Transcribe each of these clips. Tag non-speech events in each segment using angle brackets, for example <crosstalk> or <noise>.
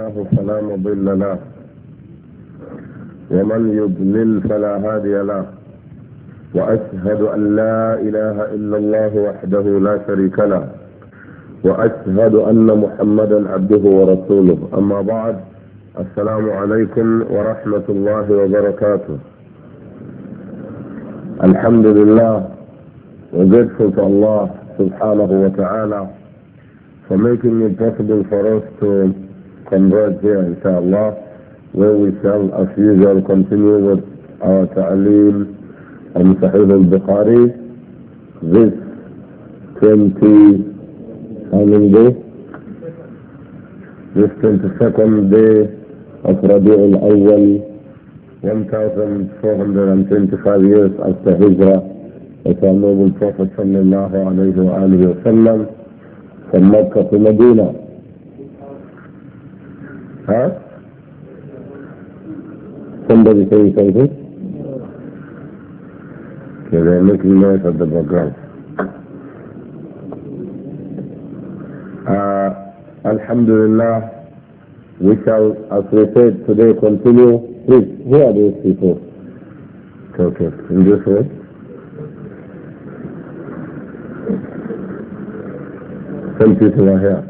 له فلا مضل له ومن يضلل فلا هادي له وأشهد أن لا إله إلا الله وحده لا شريك له وأشهد أن محمدا عبده ورسوله أما بعد السلام عليكم ورحمة الله وبركاته الحمد لله وجدت الله سبحانه وتعالى for making it possible for us to converge here inshallah where we shall as usual continue with our ta'aleem on Sahih al-Bukhari this 20 how many day? This 22nd day of Rabi' al-Awwal 1425 years after Hijra, of our noble Prophet sallallahu alayhi wa sallam from Mecca to Medina Huh? Somebody saying something? Okay, they're making noise at the background. Uh, Alhamdulillah, we shall, as we said today, continue. Please, who are these people? Okay, in this way. Some people are here.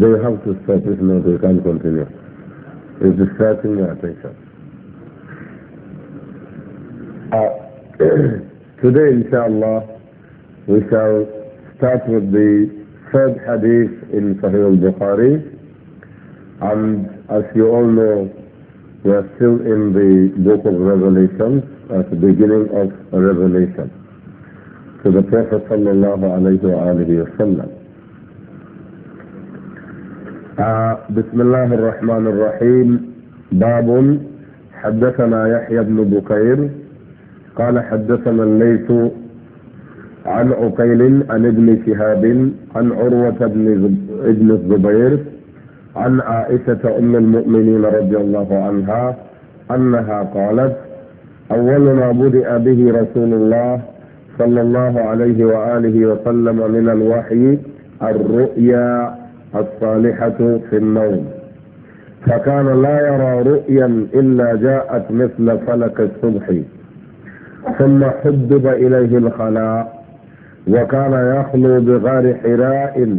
They have to stop, it now. they can't continue. It's distracting your attention. Uh, <clears throat> today, inshallah, we shall start with the third hadith in Sahih al-Bukhari. And as you all know, we are still in the book of Revelation, at the beginning of Revelation, to the Prophet sallallahu alayhi wa آه، بسم الله الرحمن الرحيم باب حدثنا يحيى بن بكير قال حدثنا الليث عن عقيل عن ابن شهاب عن عروة بن ابن الزبير عن عائشة أم المؤمنين رضي الله عنها أنها قالت أول ما بدأ به رسول الله صلى الله عليه وآله وسلم من الوحي الرؤيا الصالحة في النوم فكان لا يرى رؤيا إلا جاءت مثل فلك الصبح ثم حبب إليه الخلاء وكان يخلو بغار حراء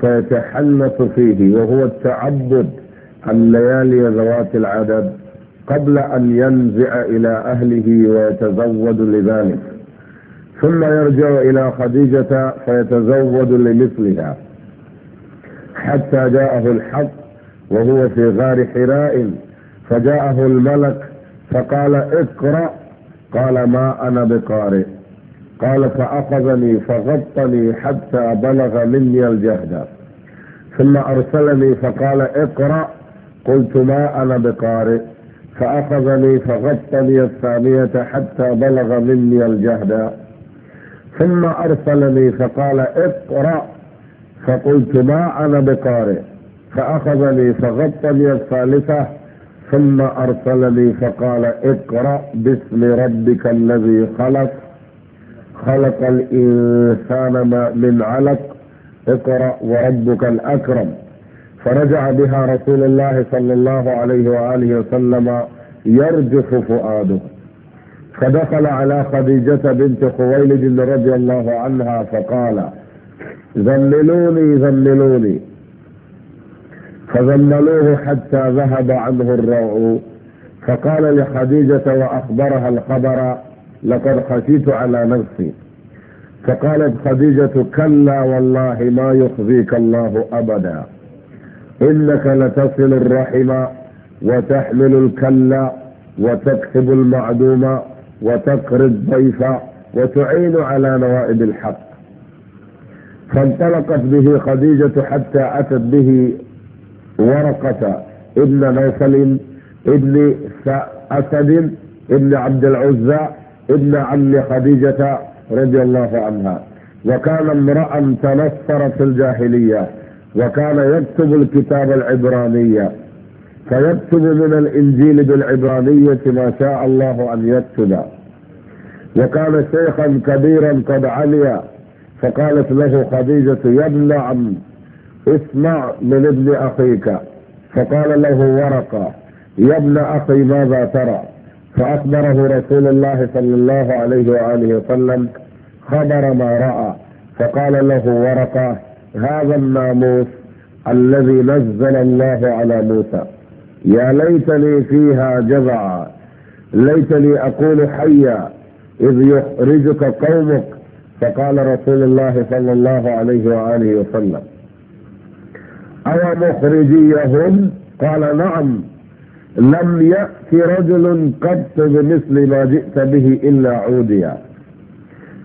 فيتحنث فيه وهو التعبد الليالي ذوات العدد قبل أن ينزع إلى أهله ويتزود لذلك ثم يرجع إلى خديجة فيتزود لمثلها حتى جاءه الحق وهو في غار حراء فجاءه الملك فقال اقرأ قال ما أنا بقارئ قال فأخذني فغطني حتى بلغ مني الجهد ثم أرسلني فقال اقرأ قلت ما أنا بقارئ فأخذني فغطني الثانية حتى بلغ مني الجهد ثم أرسلني فقال اقرأ فقلت ما أنا بقارئ فأخذني فغطى لي الثالثة ثم أرسلني فقال اقرأ باسم ربك الذي خلق خلق الإنسان من علق اقرأ وربك الأكرم فرجع بها رسول الله صلى الله عليه وآله وسلم يرجف فؤاده فدخل على خديجة بنت خويلد رضي الله عنها فقال ذللوني ذللوني فذللوه حتى ذهب عنه الروع فقال لخديجة وأخبرها الخبر لقد خشيت على نفسي فقالت خديجة كلا والله ما يخزيك الله أبدا إنك لتصل الرحم وتحمل الكلا وتكسب المعدوم وتقري الضيف وتعين على نوائب الحق فانطلقت به خديجة حتى أتت به ورقة ابن نوفل ابن أسد ابن عبد العزى ابن عم خديجة رضي الله عنها وكان امرأ تنصر في الجاهلية وكان يكتب الكتاب العبرانية فيكتب من الإنجيل بالعبرانية ما شاء الله أن يكتب وكان شيخا كبيرا قد علي فقالت له خديجة يا ابن عم اسمع من ابن أخيك فقال له ورقة يا ابن أخي ماذا ترى فأخبره رسول الله صلى الله عليه وآله وسلم خبر ما رأى فقال له ورقة هذا الناموس الذي نزل الله على موسى يا ليتني فيها جزعا ليتني اقول حيا إذ يخرجك قومك فقال رسول الله صلى الله عليه وآله وسلم أو مخرجيهم قال نعم لم يأت رجل قط بمثل ما جئت به إلا عوديا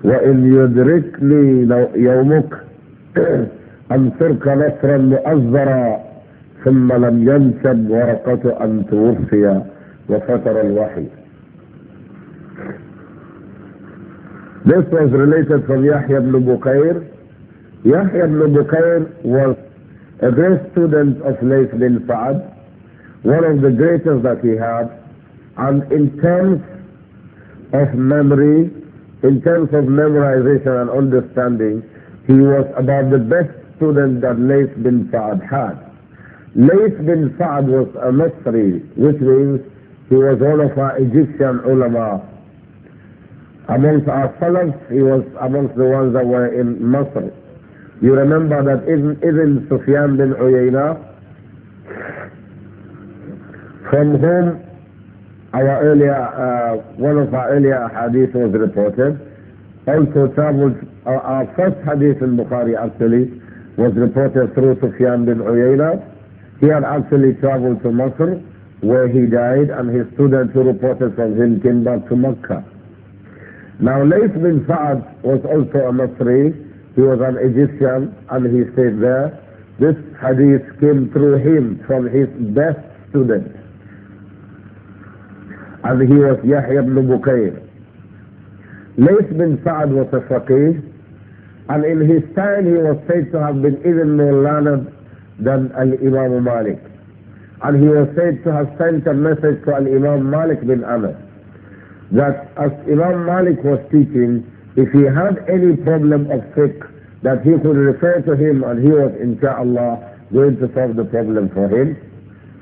وإن يدركني يومك <clears throat> أنصرك نصرا مؤزرا ثم لم ينسب ورقة أن توفي وفتر الوحي This was related from Yahya ibn Bukair. Yahya ibn Bukair was a great student of Layth bin sa one of the greatest that he had, and in terms of memory, in terms of memorization and understanding, he was about the best student that Layth bin sa had. Layth bin sa was a Masri, which means he was one of our Egyptian ulama, amongst our Salaf, he was amongst the ones that were in Masr. You remember that even, even Sufyan bin Uyayna, from whom our earlier, uh, one of our earlier hadith was reported, also traveled, uh, our first hadith in Bukhari actually, was reported through Sufyan bin Uyayna. He had actually traveled to Masr, where he died, and his students who reported from him came back to Mecca. Now Layth bin Sa'ad was also a Masri, he was an Egyptian and he stayed there. This hadith came through him from his best student. And he was Yahya ibn Bukayr. Layth bin Sa'ad was a faqih and in his time he was said to have been even more learned than Al-Imam Malik. And he was said to have sent a message to Al-Imam Malik bin Anas that as Imam Malik was teaching, if he had any problem of fiqh, that he could refer to him and he was insha'Allah going to solve the problem for him.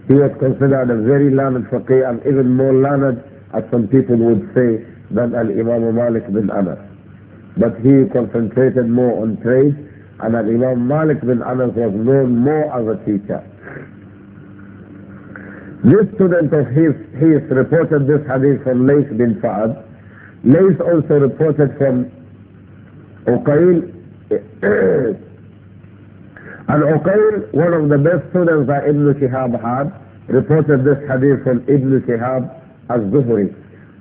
He was considered a very learned faqih and even more learned, as some people would say, than Al-Imam Malik bin Anas. But he concentrated more on trade and Al-Imam Malik bin Anas was known more as a teacher. This student of his, his reported this hadith from Layth bin Sa'ad. Layth also reported from Uqail. <clears throat> and Uqail, one of the best students that Ibn Shihab had, reported this hadith from Ibn Shihab as zuhri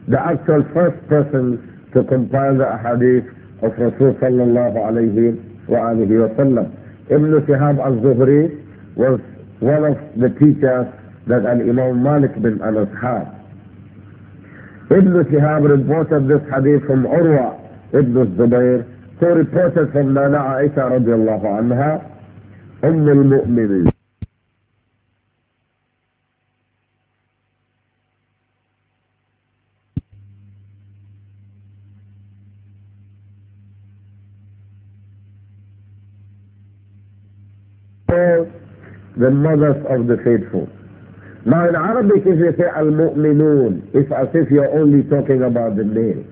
the actual first person to compile the hadith of Rasul sallallahu alayhi wa alihi wa sallam. Ibn Shihab al-Zuhri was one of the teachers ده الامام مالك بن الاصحاب ابن شهاب ريبوتر ذي حديث من عروة ابن الزبير تو ريبوتر فما عائشة رضي الله عنها ام المؤمنين the mothers of the faithful. Now in Arabic if you say al-mu'minun, it's as if you're only talking about the male,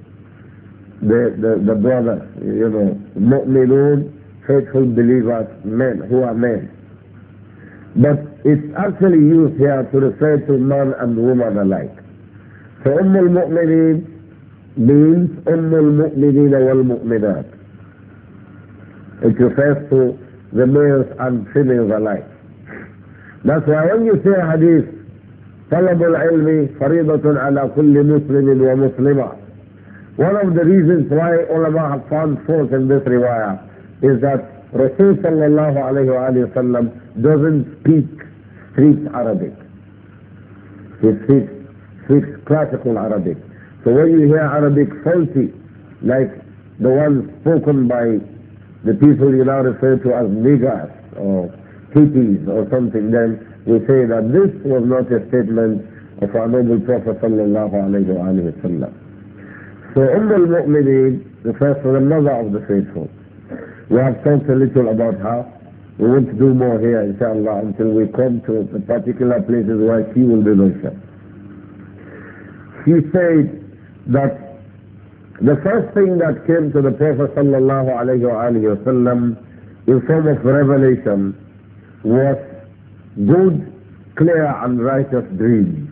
the, the, the brother, you know, mu'minun, faithful believers, men, who are men. But it's actually used here to refer to man and woman alike. So Umm al muminin means Umm al-Mu'mineen wal-Mu'minat. It refers to the males and females alike. That's why when you say hadith, طلب العلم فريضة على كل مسلم ومسلمة. One of the reasons why ulama have found fault in this riwayah is that Rasul sallallahu alayhi wa sallam doesn't speak street Arabic. He speaks, speaks classical Arabic. So when you hear Arabic faulty, like the one spoken by the people you now refer to as niggers or kitties or something, then we say that this was not a statement of our noble Prophet sallallahu alayhi wa sallam. So Umm al-Mu'mineen refers to the mother of the faithful. We have talked a little about her. We want to do more here, inshallah, until we come to the particular places where she will be mentioned. She said that the first thing that came to the Prophet sallallahu alayhi wa sallam in form of revelation was good, clear and righteous dreams.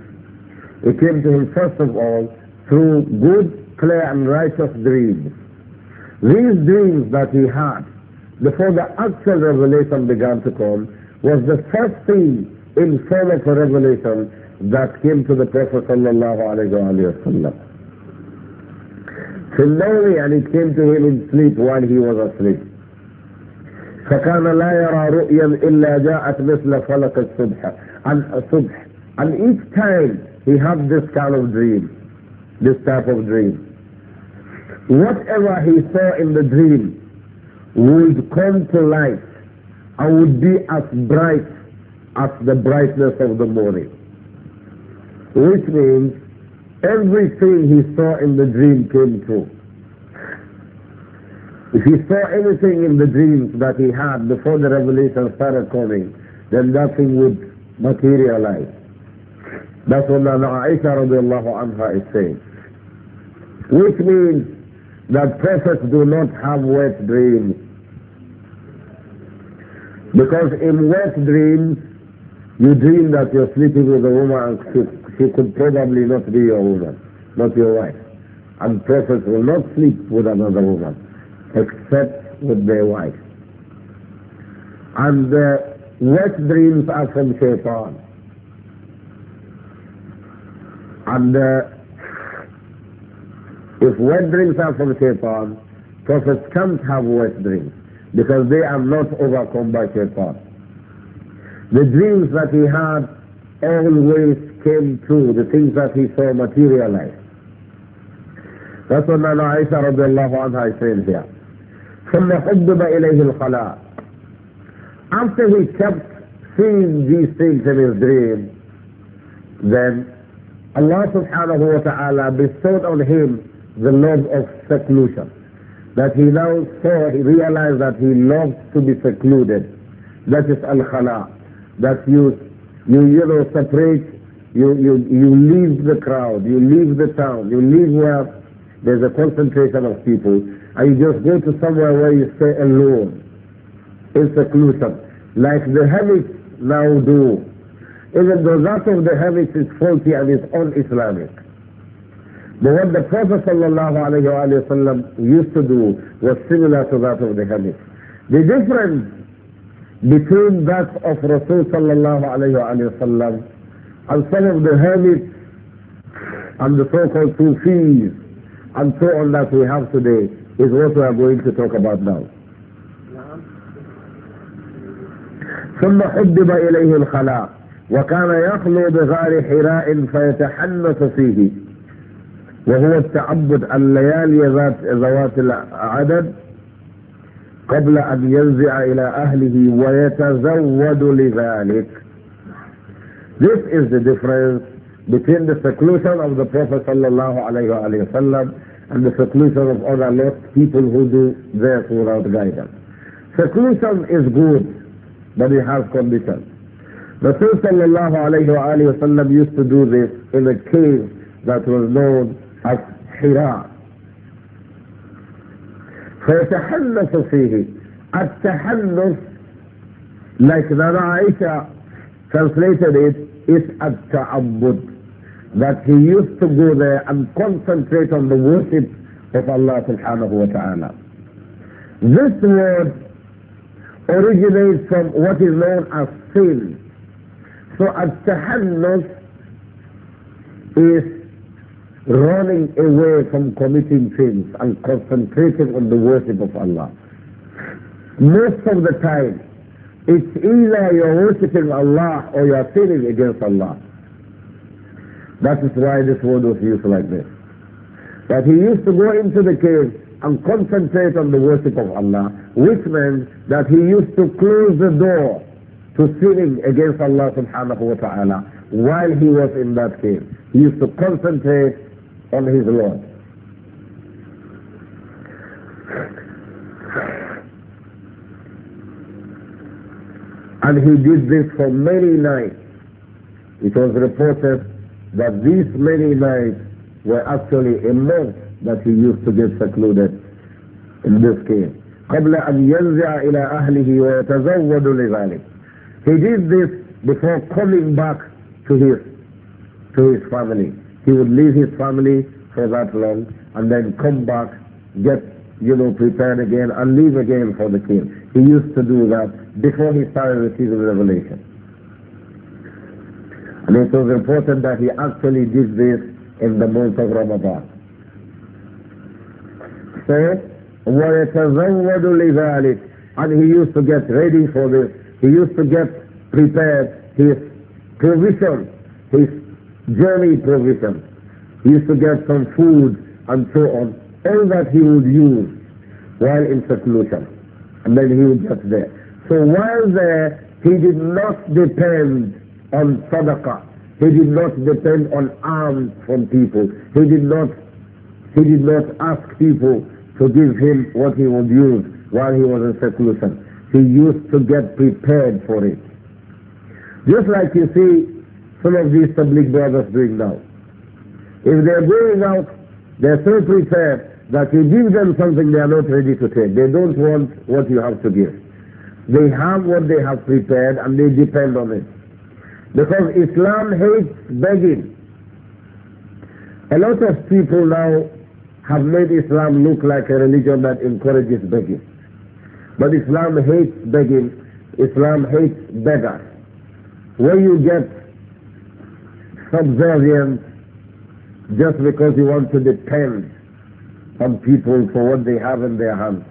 It came to him first of all through good, clear and righteous dreams. These dreams that he had before the actual revelation began to come was the first thing in form of a revelation that came to the Prophet sallallahu alayhi wa So slowly and it came to him in sleep while he was asleep. فكان لا يرى رؤيا إلا جاءت مثل فلك الصبح and الصبح uh, and each time he had this kind of dream this type of dream whatever he saw in the dream would come to life and would be as bright as the brightness of the morning which means everything he saw in the dream came true if he saw anything in the dreams that he had before the revelation started coming, then that thing would materialize. That's what Aisha radiallahu anha is saying. Which means that prophets do not have wet dreams. Because in wet dreams, you dream that you're sleeping with a woman and she, she could probably not be your woman, not your wife. And prophets will not sleep with another woman except with their wife. And the wet dreams are from shaitan. And uh, if wet dreams are from shaitan, prophets can't have wet dreams because they are not overcome by shaitan. The dreams that he had always came true, the things that he saw materialized. That's what Nana Aisha radiallahu anha is saying here. ثم حبب إليه الخلاء after he kept seeing these things in his dream then Allah subhanahu wa ta'ala bestowed on him the love of seclusion that he now saw, he realized that he loved to be secluded that is al-khala that you you you know separate you you you leave the crowd you leave the town you leave where there's a concentration of people and you just go to somewhere where you stay alone in seclusion, like the hermits now do, even though that of the hermits is faulty and is un-Islamic. But what the Prophet ﷺ used to do was similar to that of the hermits. The difference between that of Rasul ﷺ and some of the hermits and the so-called Sufis and so on that we have today is what we are going to talk about now. ثم حدب إليه الخلاء وكان يخلو بغار حراء فيتحنث فيه وهو التعبد الليالي ذات ذوات العدد قبل أن ينزع إلى أهله ويتزود لذلك. This is the difference between the seclusion of the Prophet صلى الله عليه وسلم and the seclusion of other left people who do this without guidance. Seclusion is good, but it has conditions. Rasul sallallahu alayhi wa sallam used to do this in a cave that was known as Hira. فيتحنث فيه التحنث like Nana Aisha translated it is التعبد that he used to go there and concentrate on the worship of Allah subhanahu wa ta'ala. This word originates from what is known as sin. So at-tahannus is running away from committing sins and concentrating on the worship of Allah. Most of the time, it's either you're worshipping Allah or you're sinning against Allah. That is why this word was used like this. That he used to go into the cave and concentrate on the worship of Allah, which meant that he used to close the door to sinning against Allah subhanahu wa ta'ala while he was in that cave. He used to concentrate on his Lord. And he did this for many nights. It was reported that these many nights were actually a month that he used to get secluded in this cave. قبل أن ينزع إلى أهله ويتزود لذلك. He did this before coming back to his to his family. He would leave his family for that long and then come back, get you know prepared again and leave again for the king. He used to do that before he started receiving revelation. And it was important that he actually did this in the month of Ramadan. So, وَيَتَزَوَّدُ لِذَلِكَ And he used to get ready for this. He used to get prepared his provision, his journey provision. He used to get some food and so on. All that he would use while in seclusion. And then he would get there. So while there, he did not depend on sadaqah. He did not depend on alms from people. He did not, he did not ask people to give him what he would use while he was in seclusion. He used to get prepared for it. Just like you see some of these public brothers doing now. If they're going out, they're so prepared that you give them something they are not ready to take. They don't want what you have to give. They have what they have prepared and they depend on it. Because Islam hates begging. A lot of people now have made Islam look like a religion that encourages begging. But Islam hates begging. Islam hates beggars. Where you get subservience just because you want to depend on people for what they have in their hands,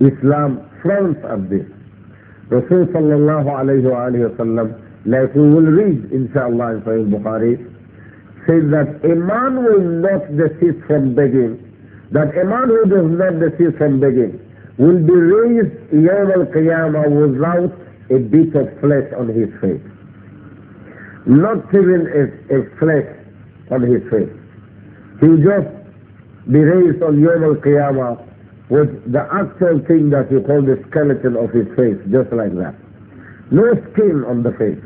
Islam frowns at this. Rasul sallallahu alayhi wa sallam like we will read inshallah in Sahih Bukhari, says that a man will not desist from begging, that a man who does not desist from begging will be raised Yawm al-Qiyamah without a bit of flesh on his face. Not even a, a flesh on his face. He will just be raised on Yawm al-Qiyamah with the actual thing that you call the skeleton of his face, just like that. No skin on the face.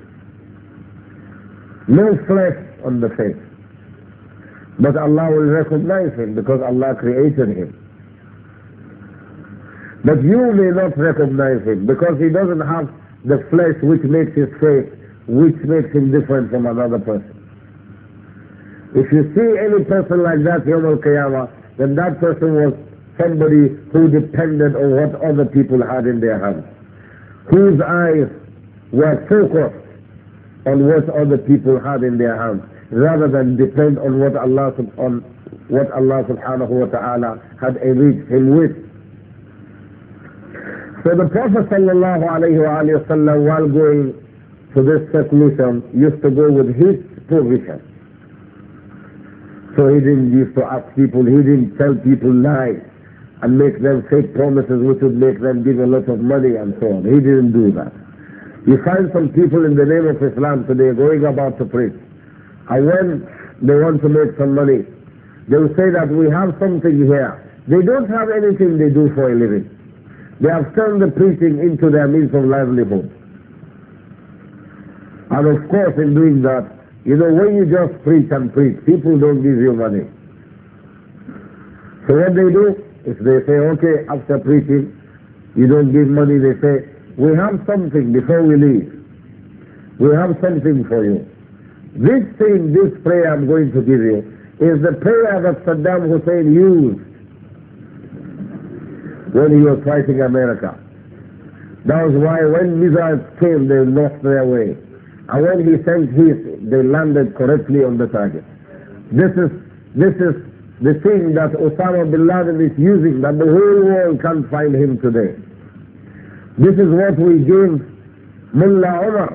No flesh on the face. But Allah will recognize him because Allah created him. But you may not recognize him because he doesn't have the flesh which makes his face, which makes him different from another person. If you see any person like that, Yom al Qiyamah, then that person was somebody who depended on what other people had in their hands, whose eyes were focused on what other people had in their hands rather than depend on what Allah, on what Allah subhanahu wa ta'ala had enriched him with. So the Prophet sallallahu alayhi wa sallam while going to this circumcision, used to go with his position. So he didn't used to ask people, he didn't tell people lies and make them fake promises which would make them give a lot of money and so on. He didn't do that. You find some people in the name of Islam today going about to preach. And when they want to make some money, they will say that we have something here. They don't have anything they do for a living. They have turned the preaching into their means of livelihood. And of course, in doing that, you know, when you just preach and preach, people don't give you money. So what they do is they say, okay, after preaching, you don't give money, they say, we have something before we leave. We have something for you. This thing, this prayer I'm going to give you, is the prayer that Saddam Hussein used when he was fighting America. That was why when missiles came, they lost their way. And when he sent his, they landed correctly on the target. This is, this is the thing that Osama bin Laden is using that the whole world can't find him today. This is what we give Mullah Umar.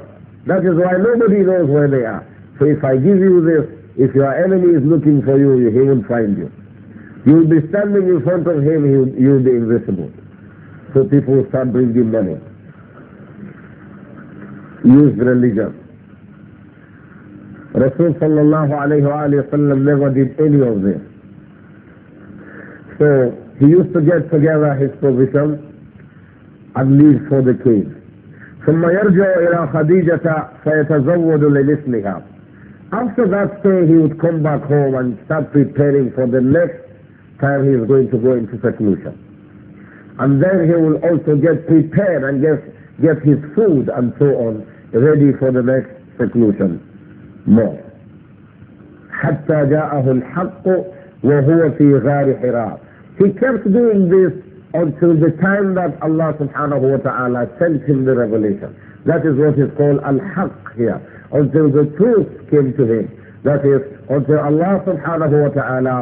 That is why nobody knows where they are. So if I give you this, if your enemy is looking for you, he will find you. You'll be standing in front of him, you'll be invisible. So people start bringing money. Use religion. Rasul sallallahu alayhi wa sallam never did any of this. So he used to get together his provisions at least for the king. ثم يرجع إلى خديجة فيتزود لمثلها. After that stay, he would come back home and start preparing for the next time he is going to go into seclusion. And then he will also get prepared and get, get his food and so on ready for the next seclusion. More. حتى جاءه الحق وهو في غار حراء. He kept doing this until the time that Allah subhanahu wa ta'ala sent him the revelation. That is what is called al-haq here, until the truth came to him. That is, until Allah subhanahu wa ta'ala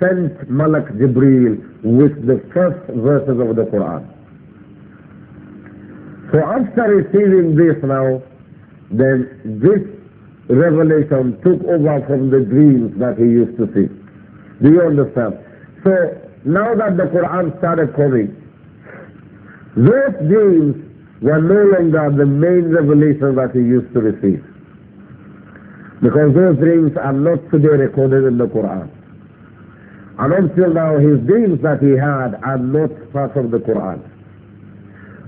sent Malak Jibreel with the first verses of the Quran. So after receiving this now, then this revelation took over from the dreams that he used to see. Do you understand? So now that the Quran started coming, those dreams were no longer the main revelation that he used to receive. Because those dreams are not today recorded in the Quran. And until now, his dreams that he had are not part of the Quran.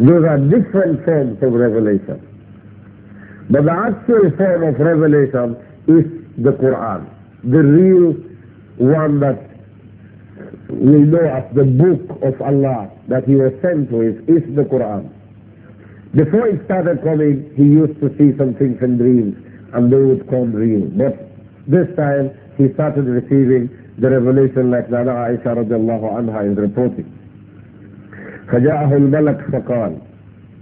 Those are different forms of revelation. But the actual form of revelation is the Quran, the real one that we know as the book of Allah that he was sent with is the Quran. Before it started coming, he used to see some things in dreams and they would come real. But this time he started receiving the revelation like Nana Aisha radiallahu anha is reporting. فجاءه الملك فقال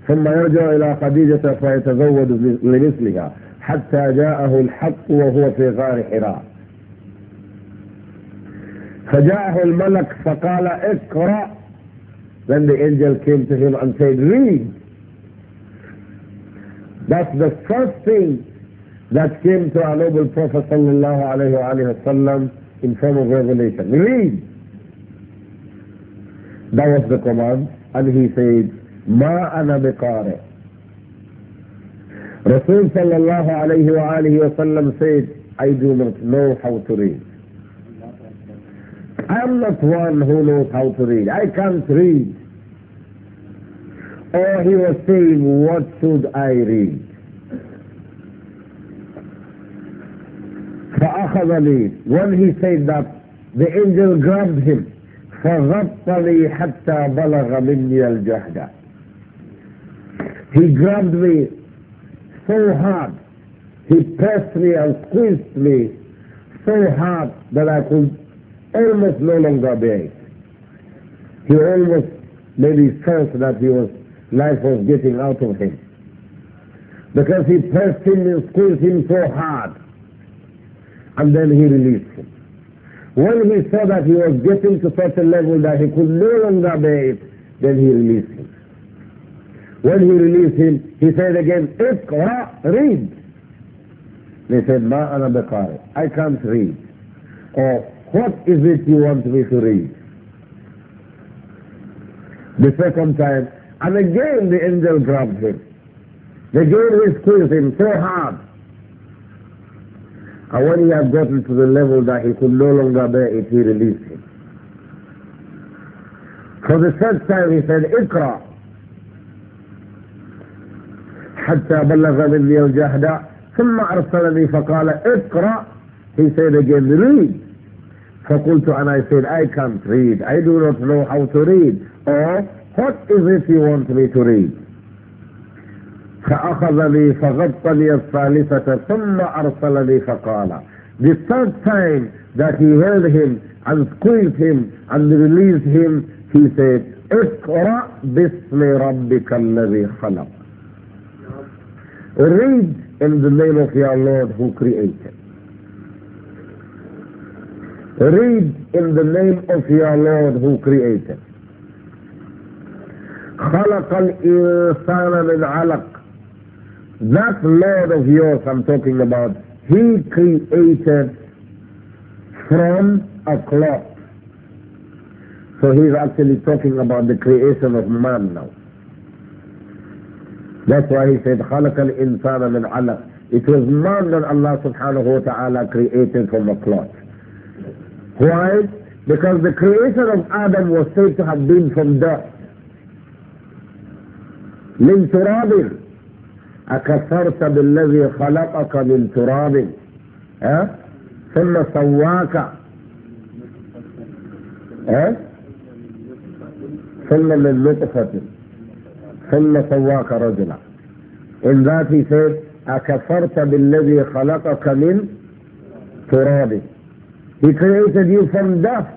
ثم يرجع إلى خديجة فيتزود لمثلها حتى جاءه الحق وهو في غار حراء فجاءه الملك فقال اقرأ Then the angel came to him and said, read. That's the first thing that came to our noble Prophet sallallahu alayhi wa in form of revelation. Read. That was the command. And he said, ما أنا بقارئ. Rasul sallallahu alayhi وسلم said, I do not know how to read. I'm not one who knows how to read. I can't read. Or he was saying, what should I read? when he said that the angel grabbed him he grabbed me so hard he pressed me and squeezed me so hard that I could almost no longer it. He almost maybe felt that he was, life was getting out of him. Because he pressed him and squeezed him so hard. And then he released him. When he saw that he was getting to such a level that he could no longer bear it, then he released him. When he released him, he said again, Iqra, read. They said, Ma ana I can't read. Or what is it you want me to read? The second time, and again the angel grabbed him. The girl squeezed him so hard. And when he had gotten to the level that he could no longer bear it, he released him. For the third time he said, اقرأ حتى بلغ مني الجهد ثم أرسلني فقال اقرأ He said again, read فَقُلْتُ And I said, I can't read. I do not know how to read. Or, what is it you want me to read? لي الثالثة ثم فقال The third time that he held him and squeezed him and released him, he said, اقرأ باسم ربك الذي خلق. Read in the name of your Lord who created. Read in the name of your Lord who created. خلق الإنسان من علق. That Lord of yours I'm talking about, He created from a cloth. So he's actually talking about the creation of man now. That's why he said, خلق الإنسان من علق. It was man that Allah subhanahu wa ta'ala created from a cloth. Why? Because the creation of Adam was said to have been from death. من تراب أكثرت بالذي خلقك من تراب أه؟ ثم سواك أه؟ ثم من لطفة ثم سواك رجلا In that he said بالذي خلقك من تراب He created you from dust.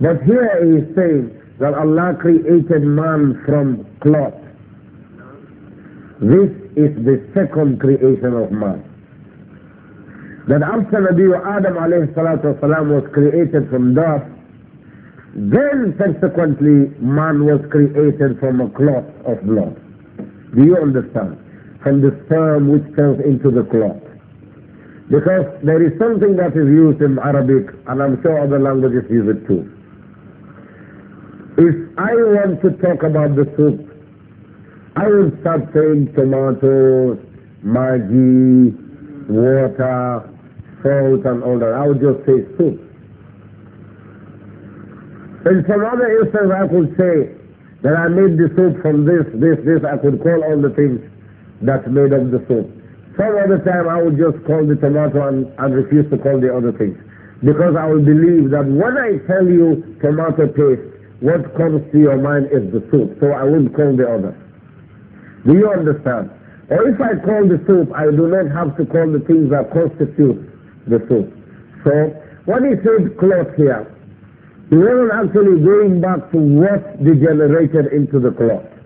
But here he is saying that Allah created man from cloth. This is the second creation of man. That after Nabi Adam was created from dust, then subsequently man was created from a cloth of blood. Do you understand? From the sperm which turns into the cloth. Because there is something that is used in Arabic, and I'm sure other languages use it too. If I want to talk about the soup, I will start saying tomatoes, maggi, water, salt and all that. I would just say soup. In some other instance, I could say that I made the soup from this, this, this. I could call all the things that made up the soup. Some other time I would just call the tomato and, and refuse to call the other things. Because I will believe that when I tell you tomato paste, what comes to your mind is the soup. So I won't call the other. Do you understand? Or if I call the soup, I do not have to call the things that constitute the soup. So when he said cloth here, he wasn't actually going back to what degenerated into the cloth.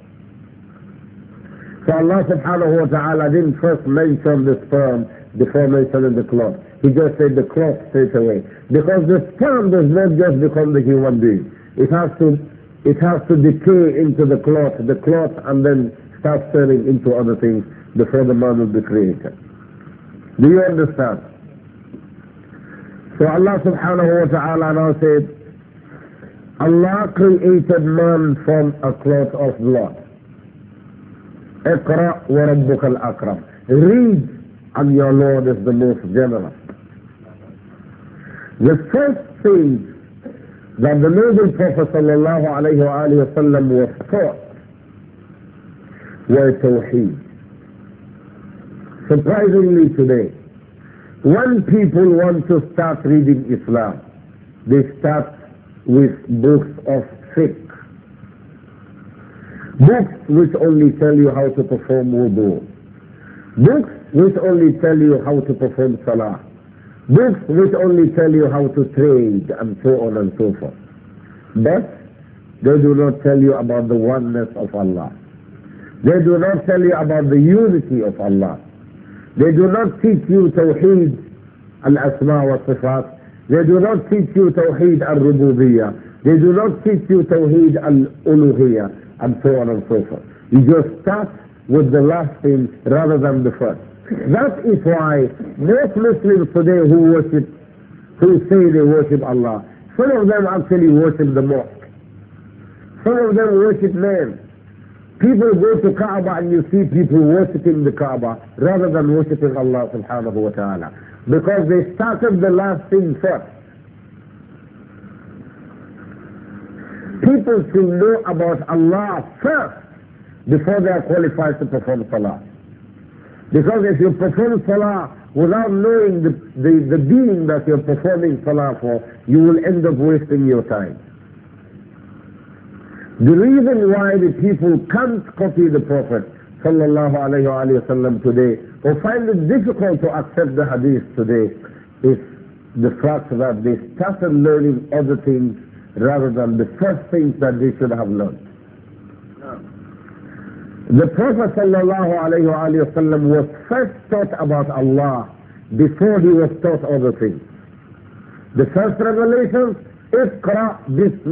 So Allah subhanahu wa ta'ala didn't first mention the sperm before mentioning the cloth. He just said the cloth straight away. Because the sperm does not just become the human being. It has to, it has to decay into the cloth, the cloth and then start turning into other things before the man will be created. Do you understand? So Allah subhanahu wa ta'ala now said, Allah created man from a cloth of blood. اقرأ وربك الأكرم read and your Lord is the most generous the first thing that the noble Prophet sallallahu alayhi wa sallam was taught were Tawheed surprisingly today when people want to start reading Islam they start with books of fiqh Books which only tell you how to perform wudu. Books which only tell you how to perform salah. Books which only tell you how to trade and so on and so forth. But they do not tell you about the oneness of Allah. They do not tell you about the unity of Allah. They do not teach you Tawheed al-Asma wa Sifat. They do not teach you Tawheed al-Rububiyyah. They do not teach you Tawheed al-Uluhiyyah and so on and so forth. You just start with the last thing rather than the first. That is why most Muslims today who worship, who say they worship Allah, some of them actually worship the mosque. Some of them worship men. People go to Kaaba and you see people worshipping the Kaaba rather than worshipping Allah subhanahu wa ta'ala. Because they started the last thing first. people should know about Allah first before they are qualified to perform salah. Because if you perform salah without knowing the, the, the being that you're performing salah for, you will end up wasting your time. The reason why the people can't copy the Prophet sallallahu today or find it difficult to accept the hadith today is the fact that they started learning other things rather than the first things that they should have learned. The Prophet ﷺ was first taught about Allah before he was taught other things. The first revelation, is باسم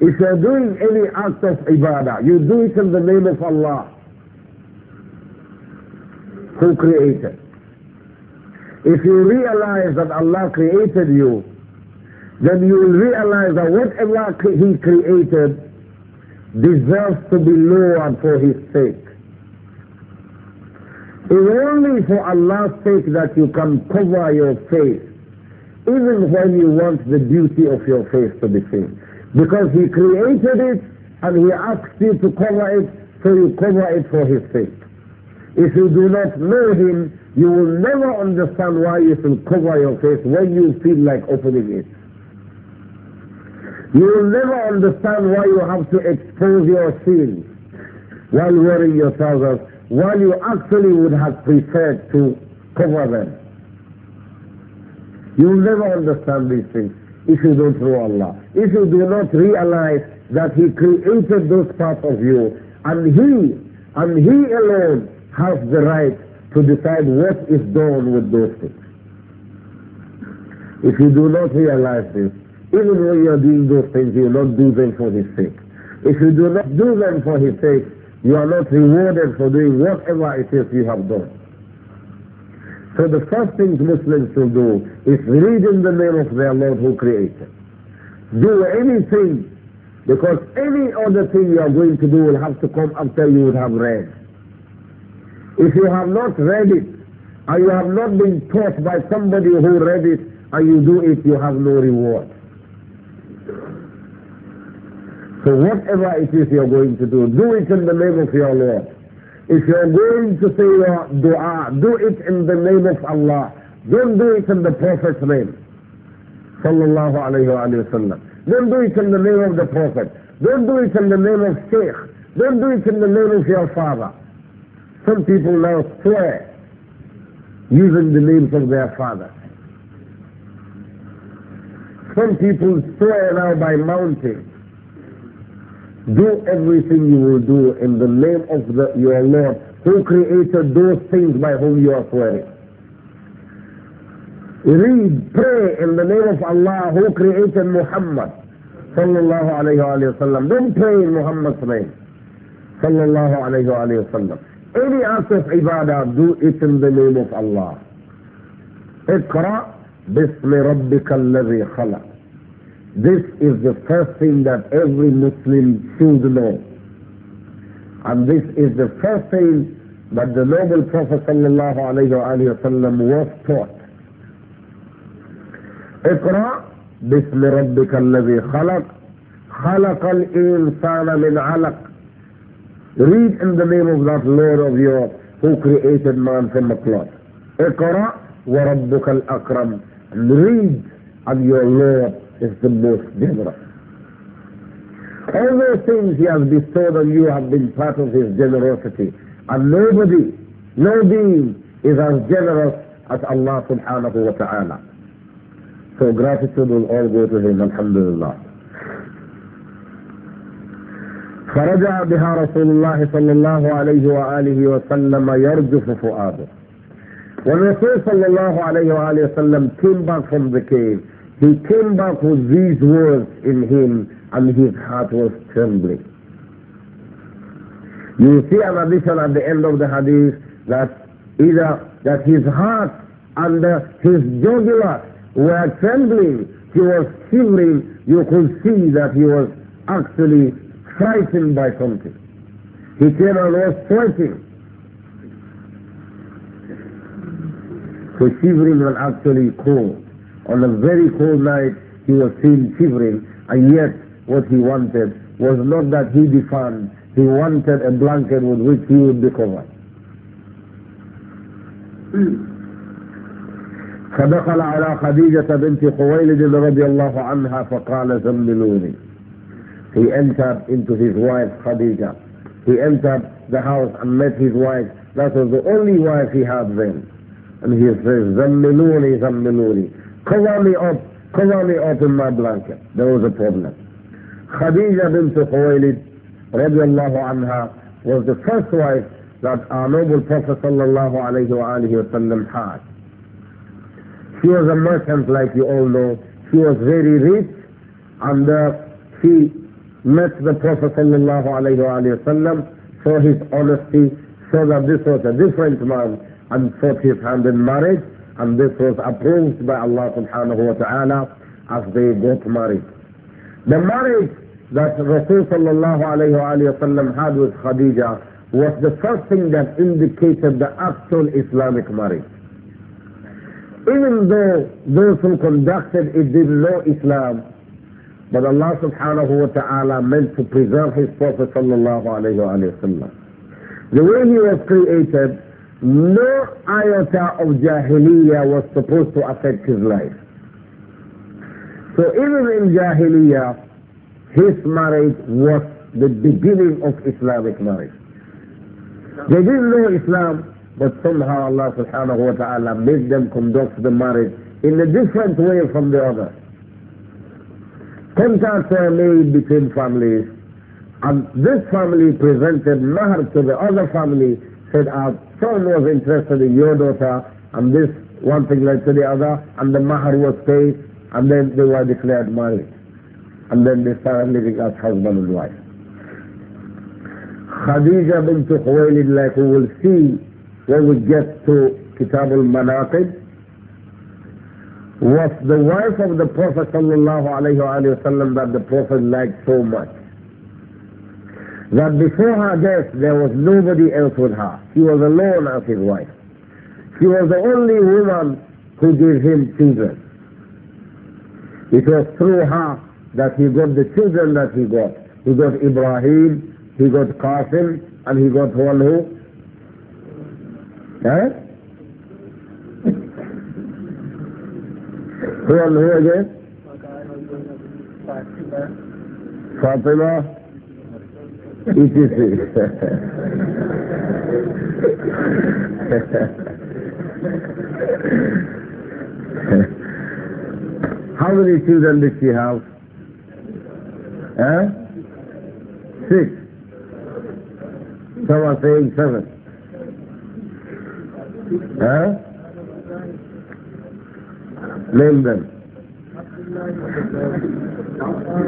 If you're doing any act of ibadah, you do it in the name of Allah who created. If you realize that Allah created you then you will realize that whatever he created deserves to be lowered for his sake. It is only for Allah's sake that you can cover your face, even when you want the beauty of your face to be seen. Because he created it and he asked you to cover it, so you cover it for his sake. If you do not know him, you will never understand why you should cover your face when you feel like opening it. You will never understand why you have to expose your sins while worrying yourself trousers, while you actually would have preferred to cover them. You will never understand these things if you don't know Allah. If you do not realize that He created those parts of you and He and He alone has the right to decide what is done with those things. If you do not realize this, even when you are doing those things, you will not do them for his sake. If you do not do them for his sake, you are not rewarded for doing whatever it is you have done. So the first thing Muslims should do is read in the name of their Lord who created. Do anything, because any other thing you are going to do will have to come after you would have read. If you have not read it, or you have not been taught by somebody who read it, and you do it, you have no reward. So whatever it is you're going to do, do it in the name of your Lord. If you're going to say your dua, do it in the name of Allah. Don't do it in the Prophet's name. Sallallahu alayhi wa sallam. Don't do it in the name of the Prophet. Don't do it in the name of Sheikh. Don't do it in the name of your father. Some people now swear using the names of their father. Some people swear now by mounting. Do everything you will do in the name of the, your Lord who created those things by whom you are swearing. Read, pray in the name of Allah who created Muhammad sallallahu alayhi wa sallam. Don't pray in Muhammad's name sallallahu alayhi wa sallam. Any act of ibadah, do it in the name of Allah. اقرأ باسم ربك الذي خلق this is the first thing that every Muslim should know. And this is the first thing that the noble Prophet sallallahu alayhi wa was taught. اقرأ بسم ربك الذي خلق خلق الإنسان من علق Read in the name of that Lord of yours who created man from a clot. اقرأ وربك الأكرم read of your Lord is the most generous. All those things He has bestowed on you have been part of His generosity. And nobody, no being is as generous as Allah subhanahu wa ta'ala. So gratitude will all go to Him, alhamdulillah. فرجع بها رسول الله صلى الله عليه وآله وسلم يرجف فؤاده. When صلى الله عليه وآله وسلم came back from the cave, he came back with these words in him and his heart was trembling. You see an addition at the end of the hadith that either that his heart and uh, his jugular were trembling, he was shivering, you could see that he was actually frightened by something. He came and was sweating. So shivering was actually cold. On a very cold night, he was seen shivering, and yet what he wanted was not that he be found. he wanted a blanket with which he would be covered. <clears throat> فدخل على خديجة بنت خويلد رضي الله عنها فقال زملوني He entered into his wife Khadija. He entered the house and met his wife. That was the only wife he had then. And he says, زملوني زملوني cover me up, cover me up in my blanket. There was a problem. Khadija bint Khuwailid, radiallahu anha, was the first wife that our noble Prophet sallallahu alayhi wa had. She was a merchant like you all know. She was very rich and uh, she met the Prophet sallallahu alayhi wa for his honesty, so that this was a different man and sought his hand in marriage and this was approved by Allah subhanahu wa ta'ala as they got married. The marriage that Rasul sallallahu alayhi wa had with Khadija was the first thing that indicated the actual Islamic marriage. Even though those who conducted it did know Islam, but Allah subhanahu wa ta'ala meant to preserve His Prophet sallallahu alayhi wa The way he was created no iota of jahiliyyah was supposed to affect his life. So even in jahiliyyah, his marriage was the beginning of Islamic marriage. They didn't know Islam, but somehow Allah subhanahu wa ta'ala made them conduct the marriage in a different way from the other. Contacts were made between families, and this family presented mahar to the other family, said, I'm ah, so was interested in your daughter, and this one thing led to the other, and the mahar was paid, and then they were declared married. And then they started living as husband and wife. Khadija bint Khuwaylid, like we will see when we get to Kitab al-Manaqib, was the wife of the Prophet sallallahu that the Prophet liked so much that before her death there was nobody else with her. She was alone as his wife. She was the only woman who gave him children. It was through her that he got the children that he got. He got Ibrahim, he got Qasim, and he got one eh? who? Eh? who again? Fatima. How many children did she have? Eh? Six. Some are saying seven. Eh? Name them.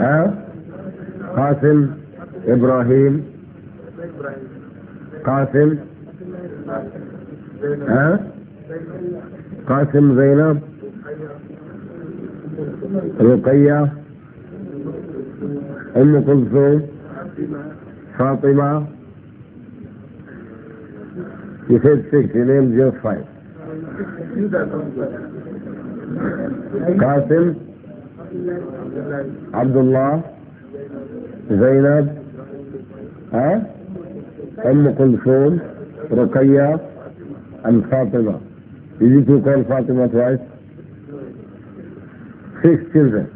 Eh? Qasim. إبراهيم قاسم ها قاسم زينب رقية أم كلثوم فاطمة You said six, you named just five. قاسم عبد الله زينب ها أم كلثوم رقية and Fatima. Is you call Fatima twice? Six children.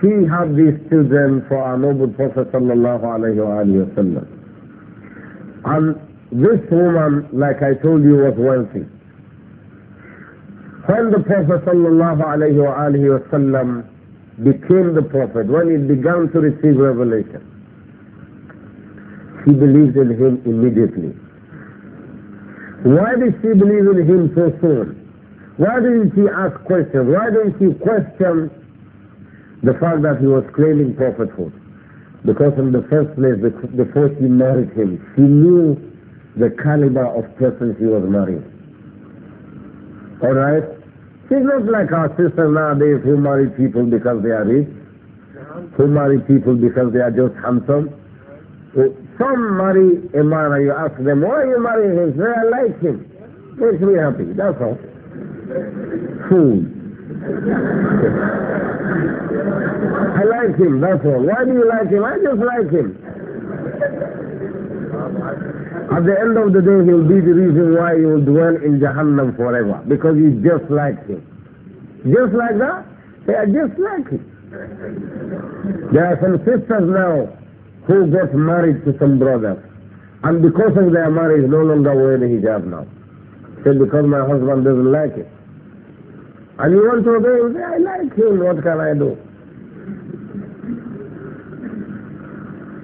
She had these children for our noble Prophet sallallahu alayhi wa sallam. And this woman, like I told you, was wealthy. When the Prophet sallallahu alayhi wa sallam became the Prophet, when he began to receive revelation, she believes in him immediately. Why does she believe in him so soon? Why didn't she ask questions? Why didn't she question the fact that he was claiming prophethood? Because in the first place, before she married him, she knew the caliber of person she was marrying. Alright? She's not like our sisters nowadays who marry people because they are rich, who marry people because they are just handsome, some marry a man you ask them, why you marry him? They are like him. Makes me happy, that's all. Fool. I like him, that's all. Why do you like him? I just like him. At the end of the day, he'll be the reason why you will dwell in Jahannam forever. Because you just like him. Just like that? They are just like him. There are some sisters now who got married to some brother. And because of their marriage, no longer wear the hijab now. Said, because my husband doesn't like it. And you want to obey him? Say, I like him, what can I do?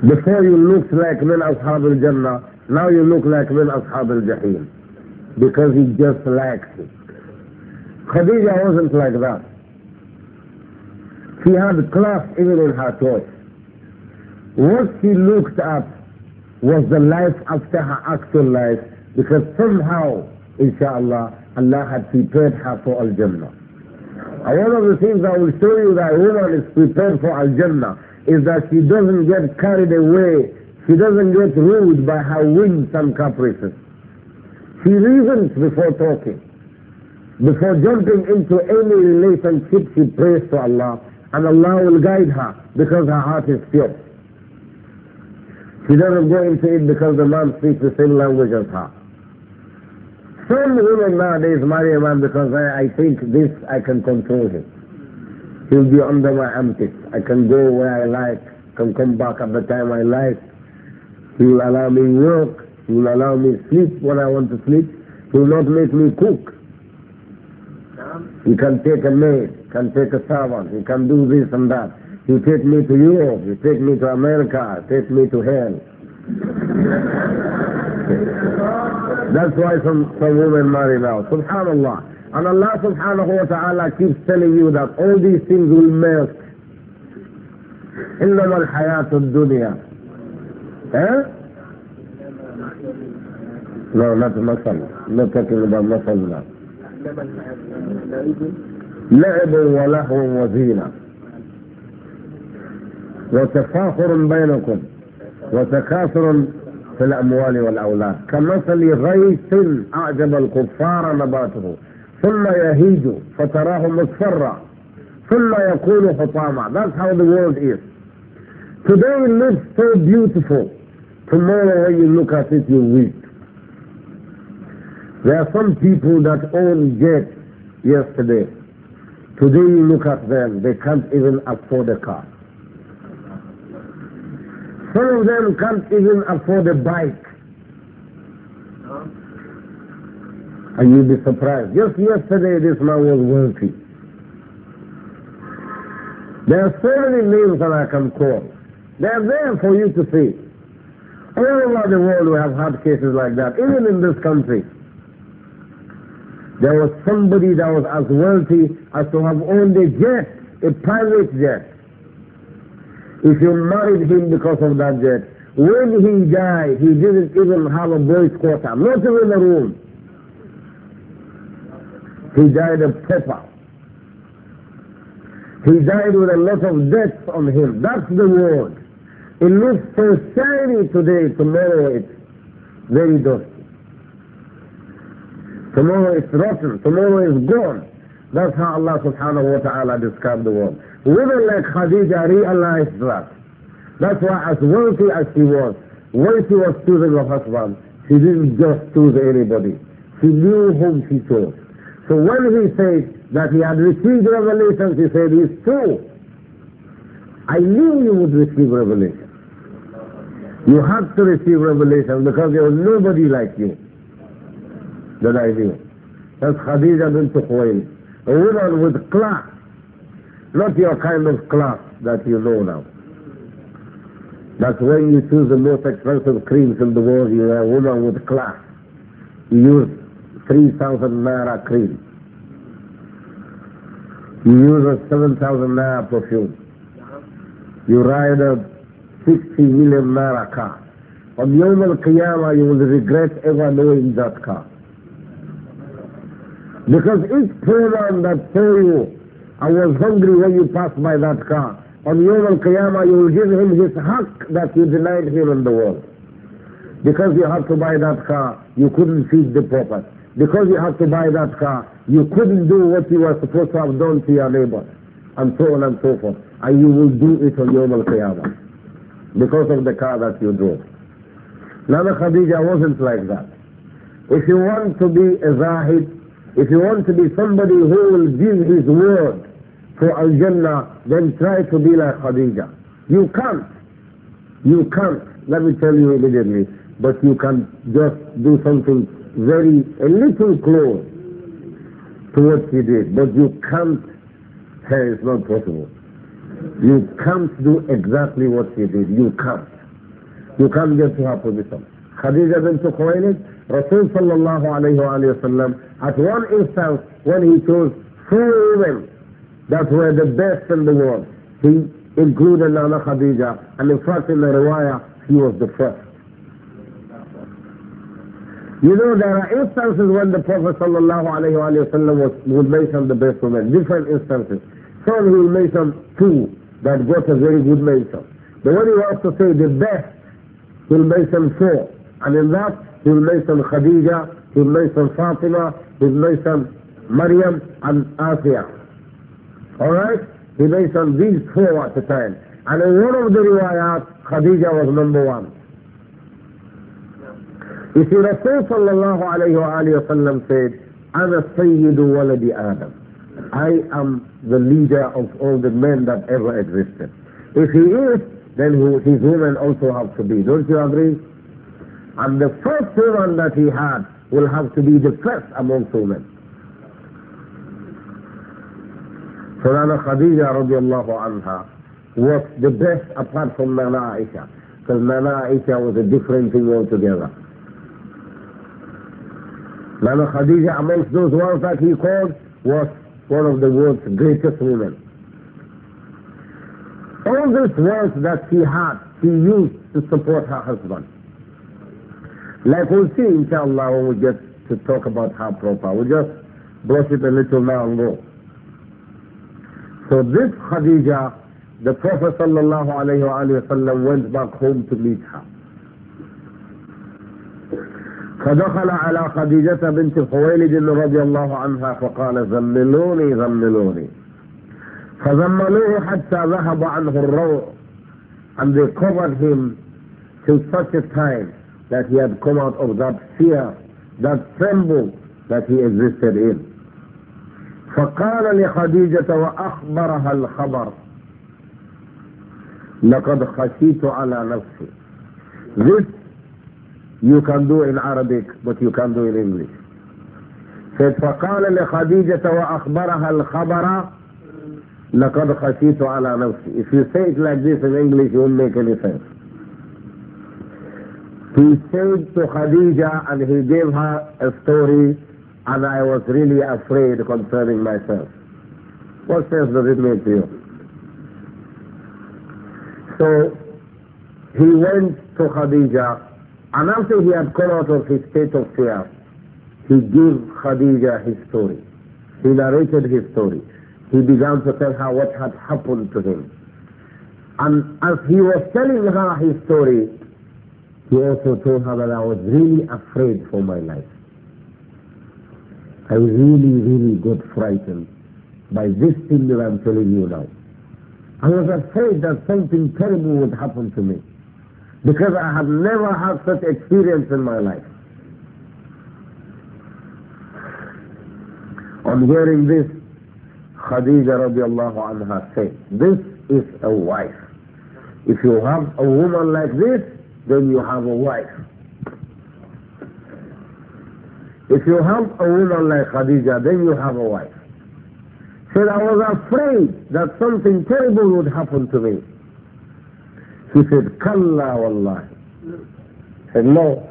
Before you looked like men ashab al-Jannah, now you look like men ashab al-Jahim. Because he just likes it. Khadija wasn't like that. She had class even in her choice. What she looked at was the life after her actual life because somehow, inshallah, Allah had prepared her for Al-Jannah. And one of the things I will show you that a woman is prepared for Al-Jannah is that she doesn't get carried away, she doesn't get ruled by her whims and caprices. She reasons before talking. Before jumping into any relationship, she prays to Allah and Allah will guide her because her heart is pure. She doesn't go into it because the man speaks the same language as her. Some women nowadays marry a man because I, I think this, I can control him. He'll be under my armpit. I can go where I like, can come back at the time I like. He will allow me work. He will allow me sleep when I want to sleep. He will not make me cook. He can take a maid, can take a servant, he can do this and that. He take me to Europe, He take me to America, take me to hell. That's why some, some women marry now. Subhanallah. And Allah subhanahu wa ta'ala keeps telling you that all these things will melt. إنما الحياة الدنيا. Eh? No, not masal. Not talking about masal now. لعب ولهو وزينة. وتفاخر بينكم وتكاثر في الأموال والأولاد كمثل غيث أعجب الكفار نباته ثم يهيج فتراه مصفرا ثم يكون حطاما That's how the world is. Today it looks so beautiful. Tomorrow when you look at it you weep. There are some people that own jets yesterday. Today you look at them, they can't even afford a car. Some of them can't even afford a bike. And you'll be surprised. Just yesterday, this man was wealthy. There are so many names that I can call. They are there for you to see. All over the world, we have had cases like that, even in this country. There was somebody that was as wealthy as to have owned a jet, a private jet. If you married him because of that debt, when he died, he didn't even have a boy's quarter, not even a room. He died a pauper. He died with a lot of debts on him. That's the word. It looks so shiny today, tomorrow it's very dusty. Tomorrow it's rotten, tomorrow it's gone. That's how Allah subhanahu wa ta'ala described the world. Women like Khadija realized that. That's why as wealthy as she was, when she was choosing her husband, she didn't just choose anybody. She knew whom she chose. So when he said that he had received revelation, she said, it's true. I knew you would receive revelation. You have to receive revelation because there was nobody like you that I knew. That's Khadija bint Khuwaylid. A woman with class, not your kind of class that you know now. That's when you choose the most expensive creams in the world, you are a woman with class. You use 3,000 naira cream. You use a 7,000 naira perfume. You ride a 60 million naira car. On Yom Al Qiyamah, you will regret ever knowing that car. Because each program that tell you, I was hungry when you passed by that car, on Yom Al Qiyamah you will give him his hak that you denied him in the world. Because you had to buy that car, you couldn't feed the poor. Because you had to buy that car, you couldn't do what you were supposed to have done to your neighbor, and so on and so forth. And you will do it on Yom Al Qiyamah because of the car that you drove. Nana Khadija wasn't like that. If you want to be a Zahid, if you want to be somebody who will give his word for Al-Jannah, then try to be like Khadija. You can't. You can't. Let me tell you immediately. But you can just do something very, a little close to what she did. But you can't, hey, it's not possible. You can't do exactly what she did. You can't. You can't get to her position. Khadija bint Khuwailid, Rasul sallallahu alayhi wa sallam, at one instance when he chose four women that were the best in the world, he included Nana Khadija, and in fact in the riwayah, she was the first. You know, there are instances when the Prophet sallallahu alayhi wa sallam would mention the best women, different instances. Some he will mention two that got a very good mention. But when he wants to say the best, he'll mention four. And in that, he based on Khadija, he based on Fatima, he based on Maryam and Asiya. Alright? He based on these four at the time. And in one of the riwayat, Khadija was number one. You see, Rasul sallallahu alayhi wa alayhi wa sallam said, أَنَا سَيِّدُ وَلَدِ آدَمَ I am the leader of all the men that ever existed. If he is, then he, his women also have to be. Don't you agree? And the first servant that he had will have to be the first amongst women. Sulana Khadija radiallahu anha was the best apart from Nana Aisha. Because Nana Aisha was a different thing altogether. Ana Khadija amongst those ones that he called was one of the world's greatest women. All these wealth that she had, she used to support her husband. Like we'll see, inshallah, when we get to talk about how proper. We'll just brush it a little now and go. So this Khadija, the Prophet sallallahu alayhi wa went back home to meet her. فدخل على خديجة بنت خويلد رضي الله عنها فقال زملوني زملوني فزملوه حتى ذهب عنه الروع and they covered him till such a time that he had come out of that fear, that tremble that he existed in. فقال لخديجة وأخبرها الخبر لقد خشيت على نفسي This you can do in Arabic but you can do in English said فقال لخديجة وأخبرها الخبر لقد خشيت على نفسي If you say it like this in English it won't make any sense he said to Khadija and he gave her a story and I was really afraid concerning myself. What sense does it make to you? So he went to Khadija and after he had come out of his state of fear, he gave Khadija his story. He narrated his story. He began to tell her what had happened to him. And as he was telling her his story, he also told her that I was really afraid for my life. I really, really got frightened by this thing that I'm telling you now. I was afraid that something terrible would happen to me because I have never had such experience in my life. On hearing this, Khadija radiallahu anha said, this is a wife. If you have a woman like this, then you have a wife. If you help a woman like Khadija, then you have a wife. Said, I was afraid that something terrible would happen to me. He said, Kalla wallahi. Said, no.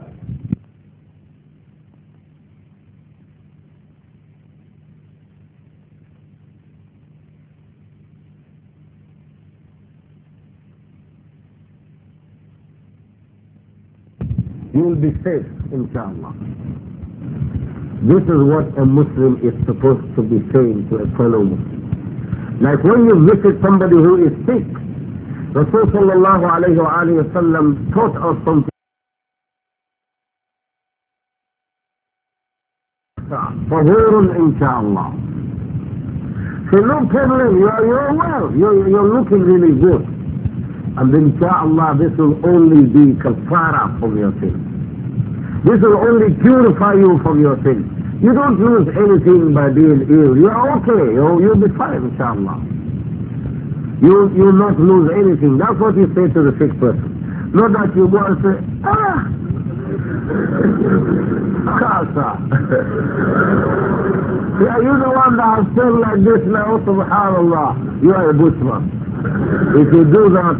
You will be safe, inshallah. This is what a Muslim is supposed to be saying to a fellow Muslim. Like when you visit somebody who is sick, Rasul sallallahu alayhi wa sallam taught us something. طهور إن شاء الله. So no problem, you are, you are well, you are, you are looking really good. And insha'Allah, this will only be kafara from your sin. This will only purify you from your sin. You don't lose anything by being ill. You're okay. You'll, you'll be fine, insha'Allah. You, you'll not lose anything. That's what you say to the sick person. Not that you go and say, ah, <laughs> Kasa. <laughs> yeah, you're the one that has said like this now, subhanallah. You are a bushman. If you do that,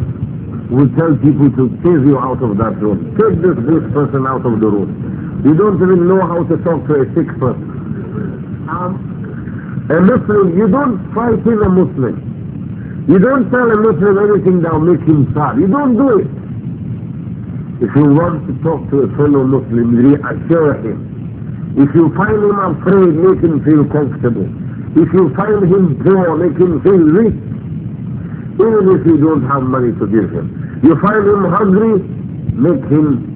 we tell people to chase you out of that room. Take this, this person out of the room. You don't even know how to talk to a sick person. Um, a Muslim, you don't fight in a Muslim. You don't tell a Muslim anything that will make him sad. You don't do it. If you want to talk to a fellow Muslim, reassure him. If you find him afraid, make him feel comfortable. If you find him poor, make him feel rich even if you don't have money to give him. You find him hungry, make him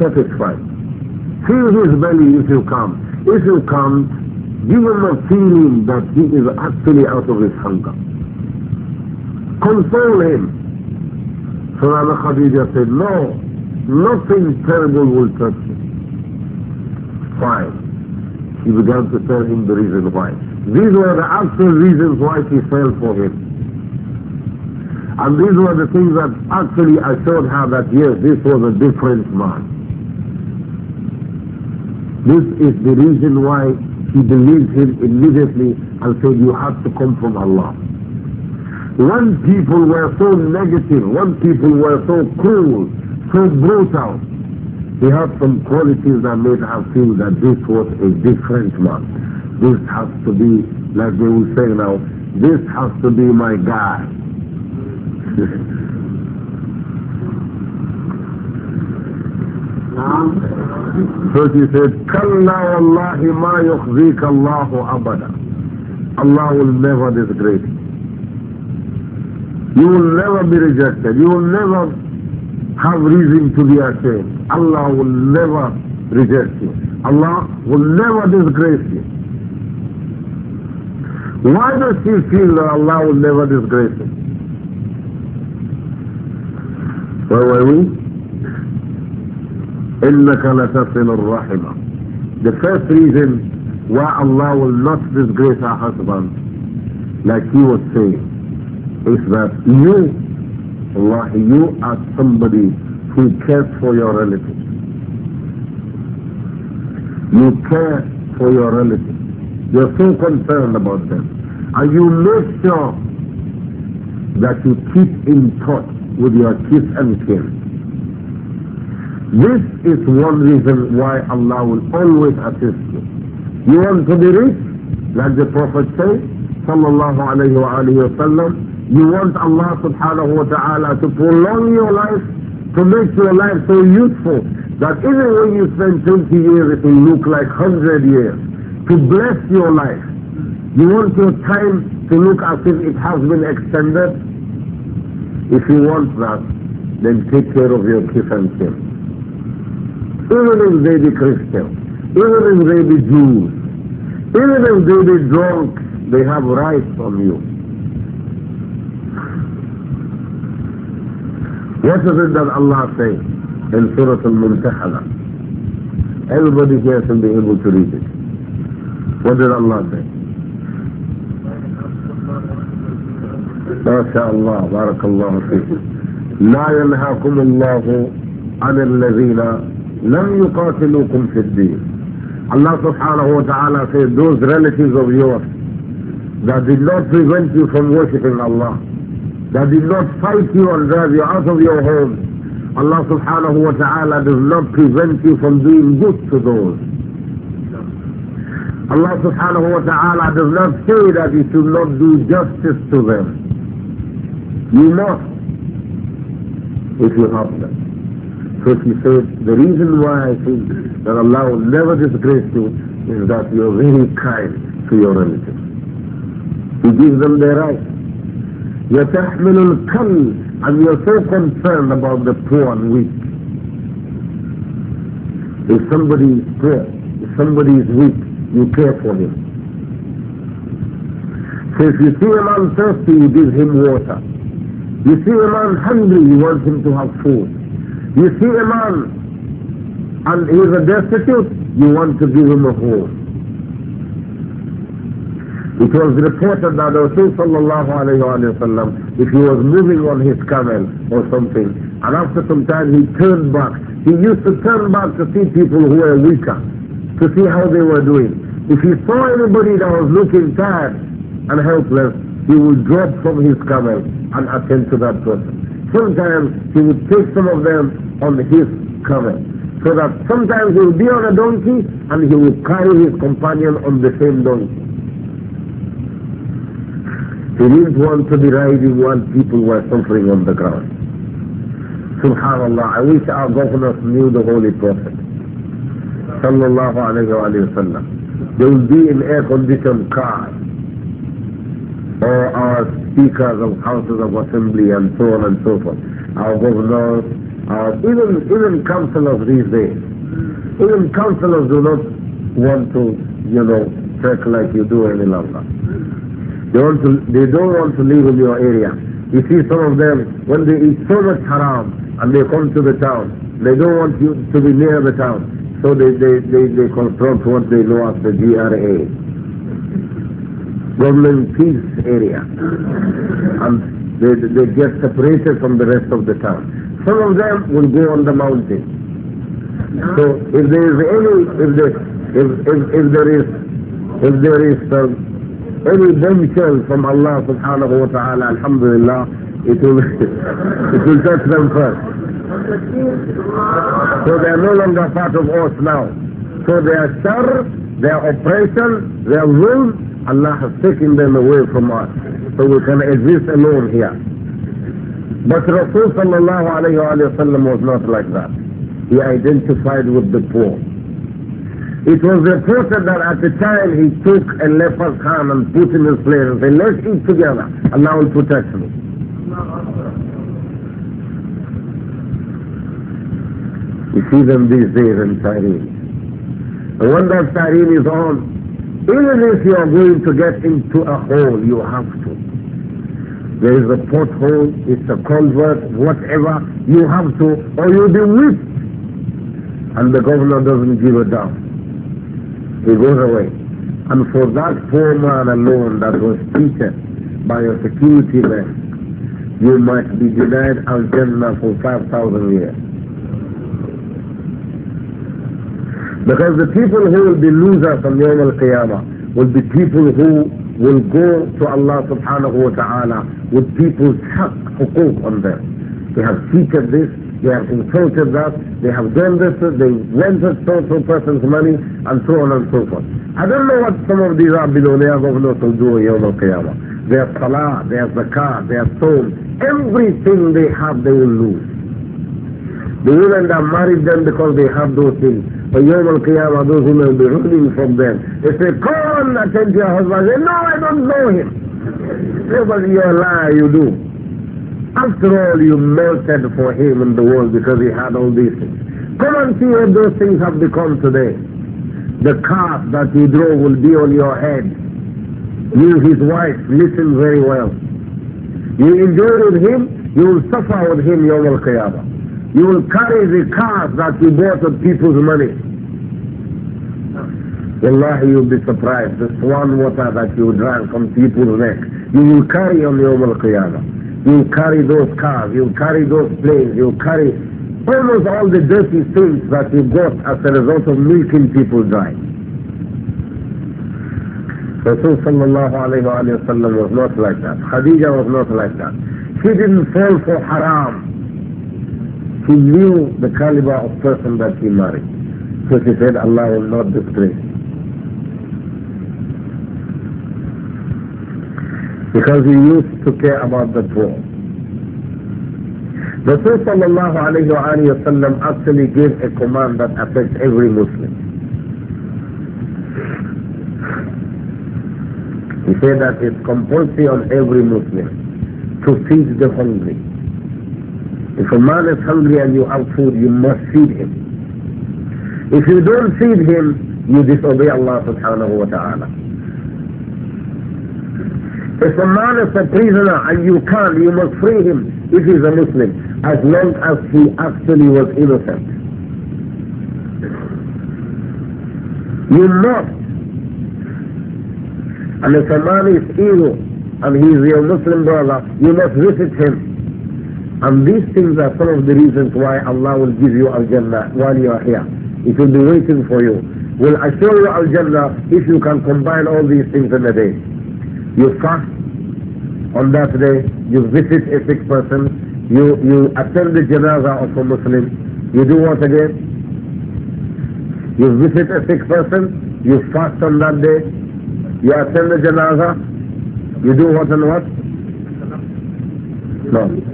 satisfied. Fill his belly if you come. If you come, give him a feeling that he is actually out of his hunger. Console him. So Allah Khadija said, no, nothing terrible will touch him." Fine. He began to tell him the reason why. These were the actual reasons why she fell for him. And these were the things that actually assured her that yes, this was a different man. This is the reason why she believed him immediately and said, you have to come from Allah. When people were so negative, when people were so cruel, so brutal, he had some qualities that made her feel that this was a different man. This has to be, like they will say now, this has to be my guy. So she said, Kalla wallahi ma yukhzika Allahu abada. Allah will never disgrace you. You will never be rejected. You will never have reason to be ashamed. Allah will never reject you. Allah will never disgrace you. Why does she feel that Allah will never disgrace him? Where were we? إِنَّكَ لَتَصِلُ الرَّحِمَ The first reason why Allah will not disgrace our husband, like he was saying, is that you, Allah, you are somebody who cares for your relatives. You care for your relatives. You're so concerned about them. And you make sure that you keep in touch with your teeth and skin. This is one reason why Allah will always assist you. You want to be rich? Like the Prophet said, sallallahu alayhi wa alayhi wa sallam, you want Allah subhanahu wa ta'ala to prolong your life, to make your life so useful that even when you spend 20 years, it will look like 100 years. To bless your life. You want your time to look as if it has been extended if you want that, then take care of your kith and kin. Even if they be Christians, even if they be Jews, even if they be drunk, they have rights on you. What is it that Allah says in Surah Al-Mumtahana? Everybody here should be able to read it. What did Allah say? ما شاء الله بارك الله فيكم لا ينهاكم الله عن الذين لم يقاتلوكم في الدين Allah subhanahu wa ta'ala said those relatives of yours that did not prevent you from worshipping Allah that did not fight you and drive you out of your home Allah subhanahu wa ta'ala does not prevent you from doing good to those Allah subhanahu wa ta'ala does not say that you should not do justice to them You must, if you have them. So she said, the reason why I think that Allah will never disgrace you is that you are very kind to your relatives. You give them their rights. يتحمل الكل and you are so concerned about the poor and weak. If somebody is poor, if somebody is weak, you care for him. So if you see a man thirsty, you give him water. You see a man hungry, you want him to have food. You see a man and he is a destitute, you want to give him a home. It was reported that Rasul sallallahu alayhi wa sallam, if he was moving on his camel or something, and after some time he turned back, he used to turn back to see people who were weaker, to see how they were doing. If he saw anybody that was looking tired and helpless, he would drop from his camel and attend to that person. Sometimes he would take some of them on his camel. So that sometimes he would be on a donkey and he would carry his companion on the same donkey. He didn't want to be riding while people were suffering on the ground. Subhanallah, I wish our governors knew the Holy Prophet. Sallallahu alayhi wa sallam. They would be in air-conditioned cars or our speakers of houses of assembly and so on and so forth, our governors, our, even, even councillors these days. Even councillors do not want to, you know, trek like you do any longer. They, want to, they don't want to live in your area. You see some of them, when they eat so much haram and they come to the town, they don't want you to be near the town. So they, they, they, they confront what they know as the GRA. Dublin Peace area. And they, they get separated from the rest of the town. Some of them will go on the mountain. So if there is any, if there, if, if, if there is, if there is um, any bombshell from Allah subhanahu wa ta'ala, alhamdulillah, it will, <laughs> it will touch them first. So they are no longer part of us now. So their sir, their oppression, their will Allah has taken them away from us. So we can exist alone here. But Rasul sallallahu alayhi wa was not like that. He identified with the poor. It was reported that at the time he took a leper's hand and put in his place and said, let's eat together. Allah will protect me. You see them these days in Cyrene. And when that Cyrene is on, even if you are going to get into a hole, you have to. There is a porthole, it's a culvert, whatever, you have to, or you'll be whipped. And the governor doesn't give a damn. He goes away. And for that poor man alone that was beaten by a security man, you might be denied Al-Jannah for 5,000 years. Because the people who will be losers on Yawm al-Qiyamah will be people who will go to Allah subhanahu wa ta'ala with people's haq, on them. They have cheated this, they have insulted that, they have done this, they rented so so person's money, and so on and so forth. I don't know what some of these are billionaires of North will do Yawm al-Qiyamah. have salah, have zakah, their soul, everything they have they will lose. The women that married them because they have those things, for Yom al Qiyamah, those who may be ruling from them, if they call and attend your husband, say, no, I don't know him. Nobody, you're a liar, you do. After all, you melted for him in the world because he had all these things. Come and see what those things have become today. The calf that you drove will be on your head. You, his wife, listen very well. You enjoy with him, you will suffer with him Yom al Qiyamah. You will carry the cars that you bought with people's money. Allah, you'll be surprised. The swan water that you drank from people's neck, you will carry on the Al-Qiyamah. You'll carry those cars, you'll carry those planes, you'll carry almost all the dirty things that you got as a result of milking people dry. Rasul sallallahu alayhi wa sallam was not like that. Khadija was not like that. She didn't fall for haram. He knew the caliber of person that he married. So she said, Allah will not disgrace. Because he used to care about the poor. The Prophet alayhi wa sallam actually gave a command that affects every Muslim. He said that it's compulsory on every Muslim to feed the hungry. If a man is hungry and you have food, you must feed him. If you don't feed him, you disobey Allah subhanahu wa ta'ala. If a man is a prisoner and you can't, you must free him if he's a Muslim, as long as he actually was innocent. You must. And if a man is evil and he's your Muslim brother, you must visit him and these things are some of the reasons why Allah will give you Al-Jannah while you are here. It will be waiting for you. Will assure you Al-Jannah if you can combine all these things in a day. You fast on that day, you visit a sick person, you, you attend the janazah of a Muslim, you do what again? You visit a sick person, you fast on that day, you attend the janazah, you do what and what? No.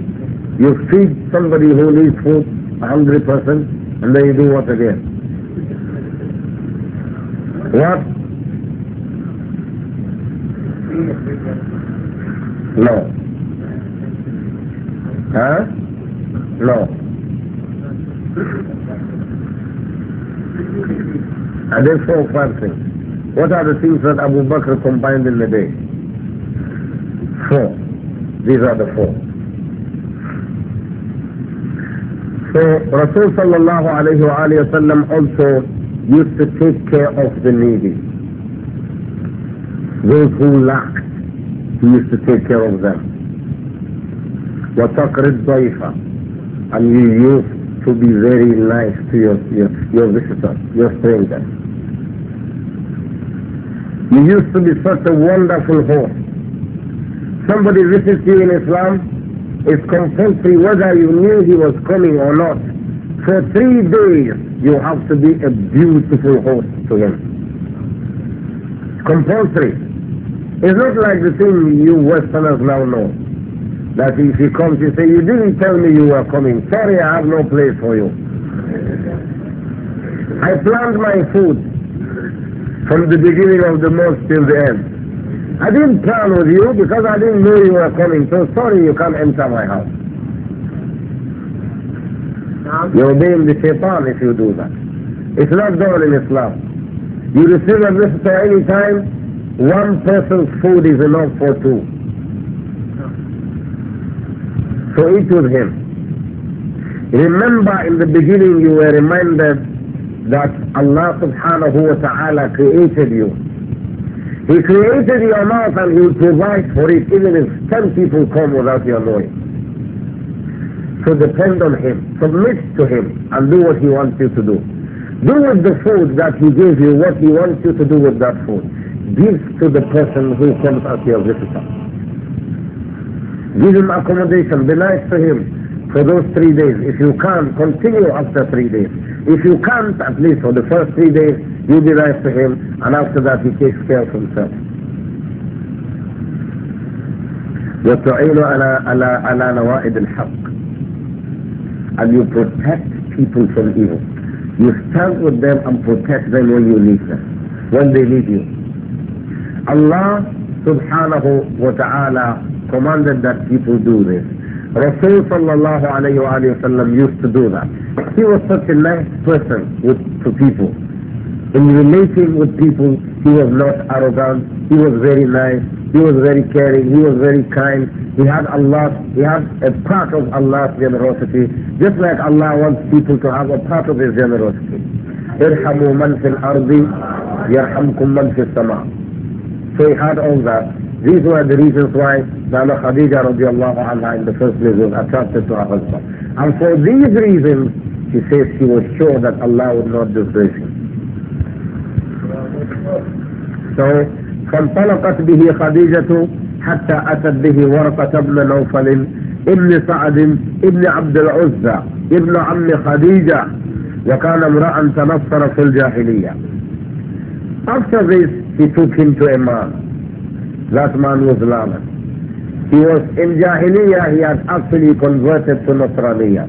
You feed somebody who needs food, a hungry person, and then you do what again? What? No. Huh? No. And there's four, five things. What are the things that Abu Bakr combined in the day? Four. These are the four. So Rasul sallallahu alayhi wa, alayhi wa sallam also used to take care of the needy. Those who lacked, he used to take care of them. وَتَقْرِ الضَّيْفَ And you used to be very nice to your, your, your visitor, your stranger. You used to be such a wonderful host. Somebody visits you in Islam, is compulsory whether you knew he was coming or not. For three days, you have to be a beautiful host to him. Compulsory. It's not like the thing you Westerners now know. That if he comes, you say, you didn't tell me you were coming. Sorry, I have no place for you. I planned my food from the beginning of the month till the end. I didn't plan with you because I didn't know you were coming, so sorry you can't enter my house. You're obeying the shaitan if you do that. It's not done in Islam. You receive a visitor any time, one person's food is enough for two. So eat with him. Remember in the beginning you were reminded that Allah subhanahu wa ta'ala created you he created your mouth and He will provide for it even if ten people come without your knowing. So depend on Him, submit to Him and do what He wants you to do. Do with the food that He gives you what He wants you to do with that food. Give to the person who comes as your visitor. Give him accommodation, be nice to him, for those three days. If you can't, continue after three days. If you can't, at least for the first three days, you be nice to him, and after that he takes care of himself. and you protect people from evil. You stand with them and protect them when you leave them, when they leave you. Allah subhanahu wa ta'ala commanded that people do this. Rasul sallallahu alayhi wa sallam used to do that. He was such a nice person with, to people. In relating with people, he was not arrogant, he was very nice, he was very caring, he was very kind. He had Allah, he had a part of Allah's generosity, just like Allah wants people to have a part of His generosity. ارحموا من في Ardi, يرحمكم من في Sama. So he had all that. These were the reasons why Nana Khadija radiallahu anha in the first place was attracted to her husband. And for these reasons, she says she was sure that Allah would not disgrace him. So, فانطلقت به خديجة حتى أتت به ورقة بن نوفل ابن سعد ابن عبد العزى ابن عم خديجة وكان امرأ تنصر في الجاهلية. After this, he took him to Imran. That man was Lama. He was in Jahiliyyah, he had actually converted to Nasraniyah.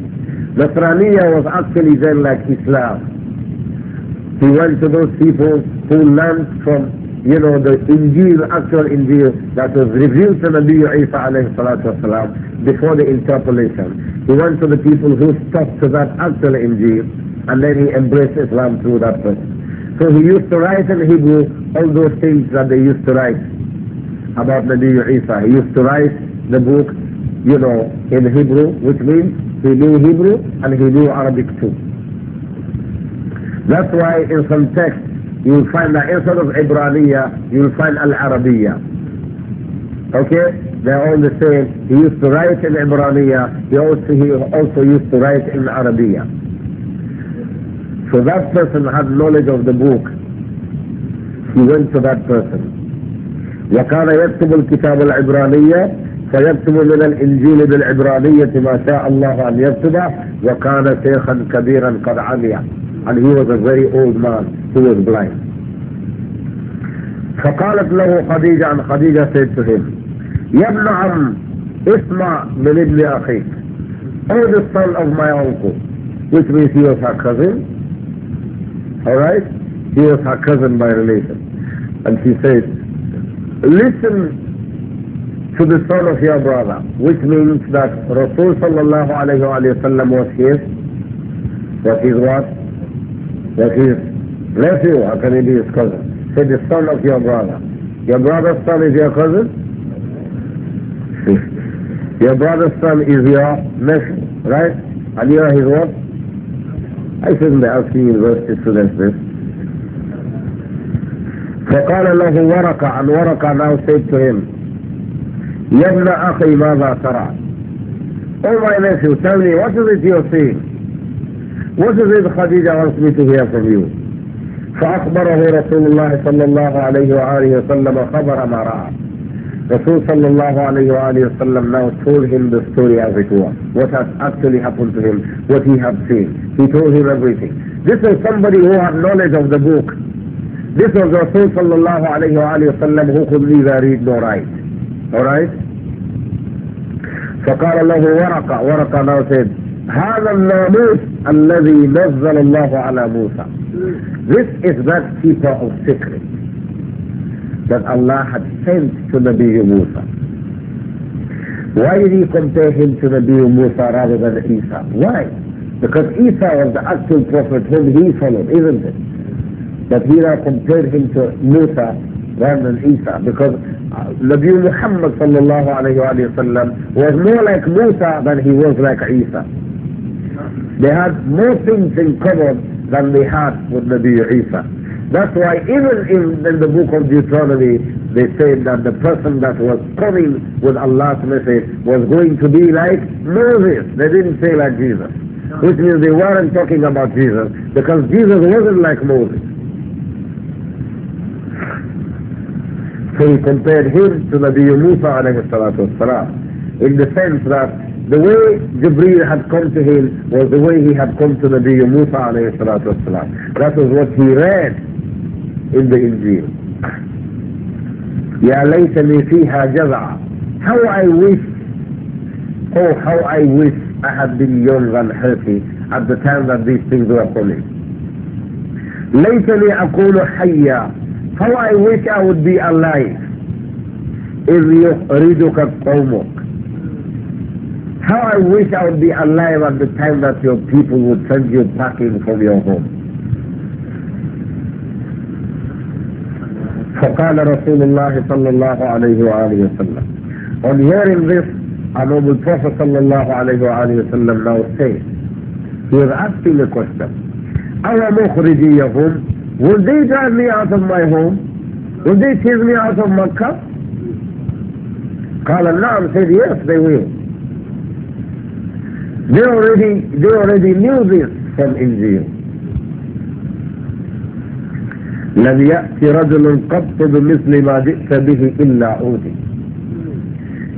Nasraniyah was actually then like Islam. He went to those people who learned from, you know, the Injil, actual Injil that was revealed to Nabi Isa alayhi salatu wasalam before the interpolation. He went to the people who stuck to that actual Injil and then he embraced Islam through that person. So he used to write in Hebrew all those things that they used to write about Nabi Isa. He used to write the book, you know, in Hebrew, which means he knew Hebrew and he knew Arabic too. That's why in some texts you will find that instead of Ibraniya, you will find Al-Arabiya. Okay? They're all the same. He used to write in Ibraniya. He also, he also used to write in Arabiya. So that person had knowledge of the book. He went to that person. وكان يكتب الكتاب العبرانية فيكتب من الإنجيل بالعبرانية ما شاء الله أن يكتبه وكان شيخا كبيرا قد عمي and he was a very old man who was blind فقالت له خديجة عن خديجة said to him يا ابن عم اسمع من ابن أخيك Oh the son of my uncle which means he was her cousin alright he was her cousin by relation and she said listen to the son of your brother, which means that Rasul sallallahu alayhi wa was his, That is what? That his nephew, how can he be his cousin? Say the son of your brother. Your brother's son is your cousin? <laughs> your brother's son is your nephew, right? And you are his what? I shouldn't be asking university students this. فقال له ورقة عن ورقة now said to him يا ابن أخي ماذا ترى Oh my nephew tell me what is it you're seeing What is it Khadija wants me to hear from you فأخبره رسول الله صلى الله عليه وآله وسلم خبر ما رأى صلى الله عليه wa sallam now told him the story as it was, what has actually happened to him, what he had seen. He told him everything. This is somebody who had knowledge of the book, This was Rasul sallallahu alayhi wa sallam who could neither read nor write. Alright? فقال له ورقة ورقة now said هذا الناموس الذي نزل الله على موسى This is that keeper of secret that Allah had sent to Nabi Musa. Why did he compare him to Nabi Musa rather than Isa? Why? Because Isa was the actual prophet whom he followed, isn't it? But here I compared him to Musa rather than Isa because Nabi uh, Muhammad sallallahu was more like Musa than he was like Isa. They had more things in common than they had with Nabi Isa. That's why even in, in the book of Deuteronomy, they said that the person that was coming with Allah's message was going to be like Moses. They didn't say like Jesus. Which means they weren't talking about Jesus because Jesus wasn't like Moses. They he compared him to Nabi Musa alayhi salatu wasalam in the sense that the way Jibreel had come to him was the way he had come to Nabi Musa alayhi salatu wasalam. That was what he read in the Injil. يا ليتني فيها جزع How I wish, oh how I wish I had been young and healthy at the time that these things were coming. ليتني أكون حيا how I wish I would be alive. إِذْ يُخْرِجُكَ قَوْمُكَ How I wish I would be alive at the time that your people would send you packing from your home. فقال رسول الله صلى الله عليه وآله وسلم On hearing this, our noble Prophet صلى الله عليه وآله وسلم now says, he was asking the question, أَوَ مُخْرِجِيَهُمْ would they drive me out of my home? Would they chase me out of Makkah? Qala Naam said, yes, they will. They already, they already knew this from Injil. يأتي رجل قط بمثل ما جئت به إلا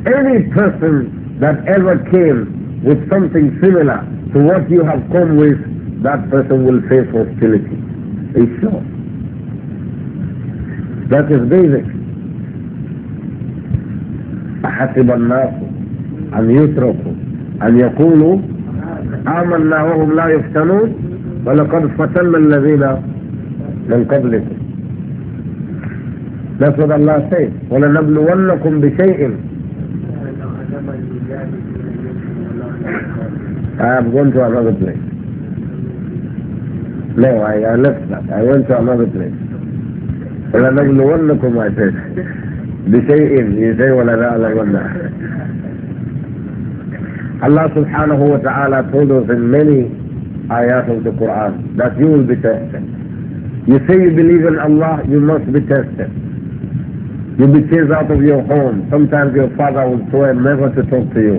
Any person that ever came with something similar to what you have come with, that person will face hostility. It's so. That is basic. أحسب الناس أن يتركوا أن يقولوا آمنا وهم لا يفتنون ولقد فتنا الذين من قبلكم That's what Allah says ولنبلونكم بشيء I am going to another place No, I, I left that. I went to another place. ولنبلونكم I said بشيء you say ولنعلمن Allah subhanahu wa ta'ala told us in many ayat of the Quran that you will be tested. You say you believe in Allah, you must be tested. You'll be chased out of your home. Sometimes your father will swear never to talk to you.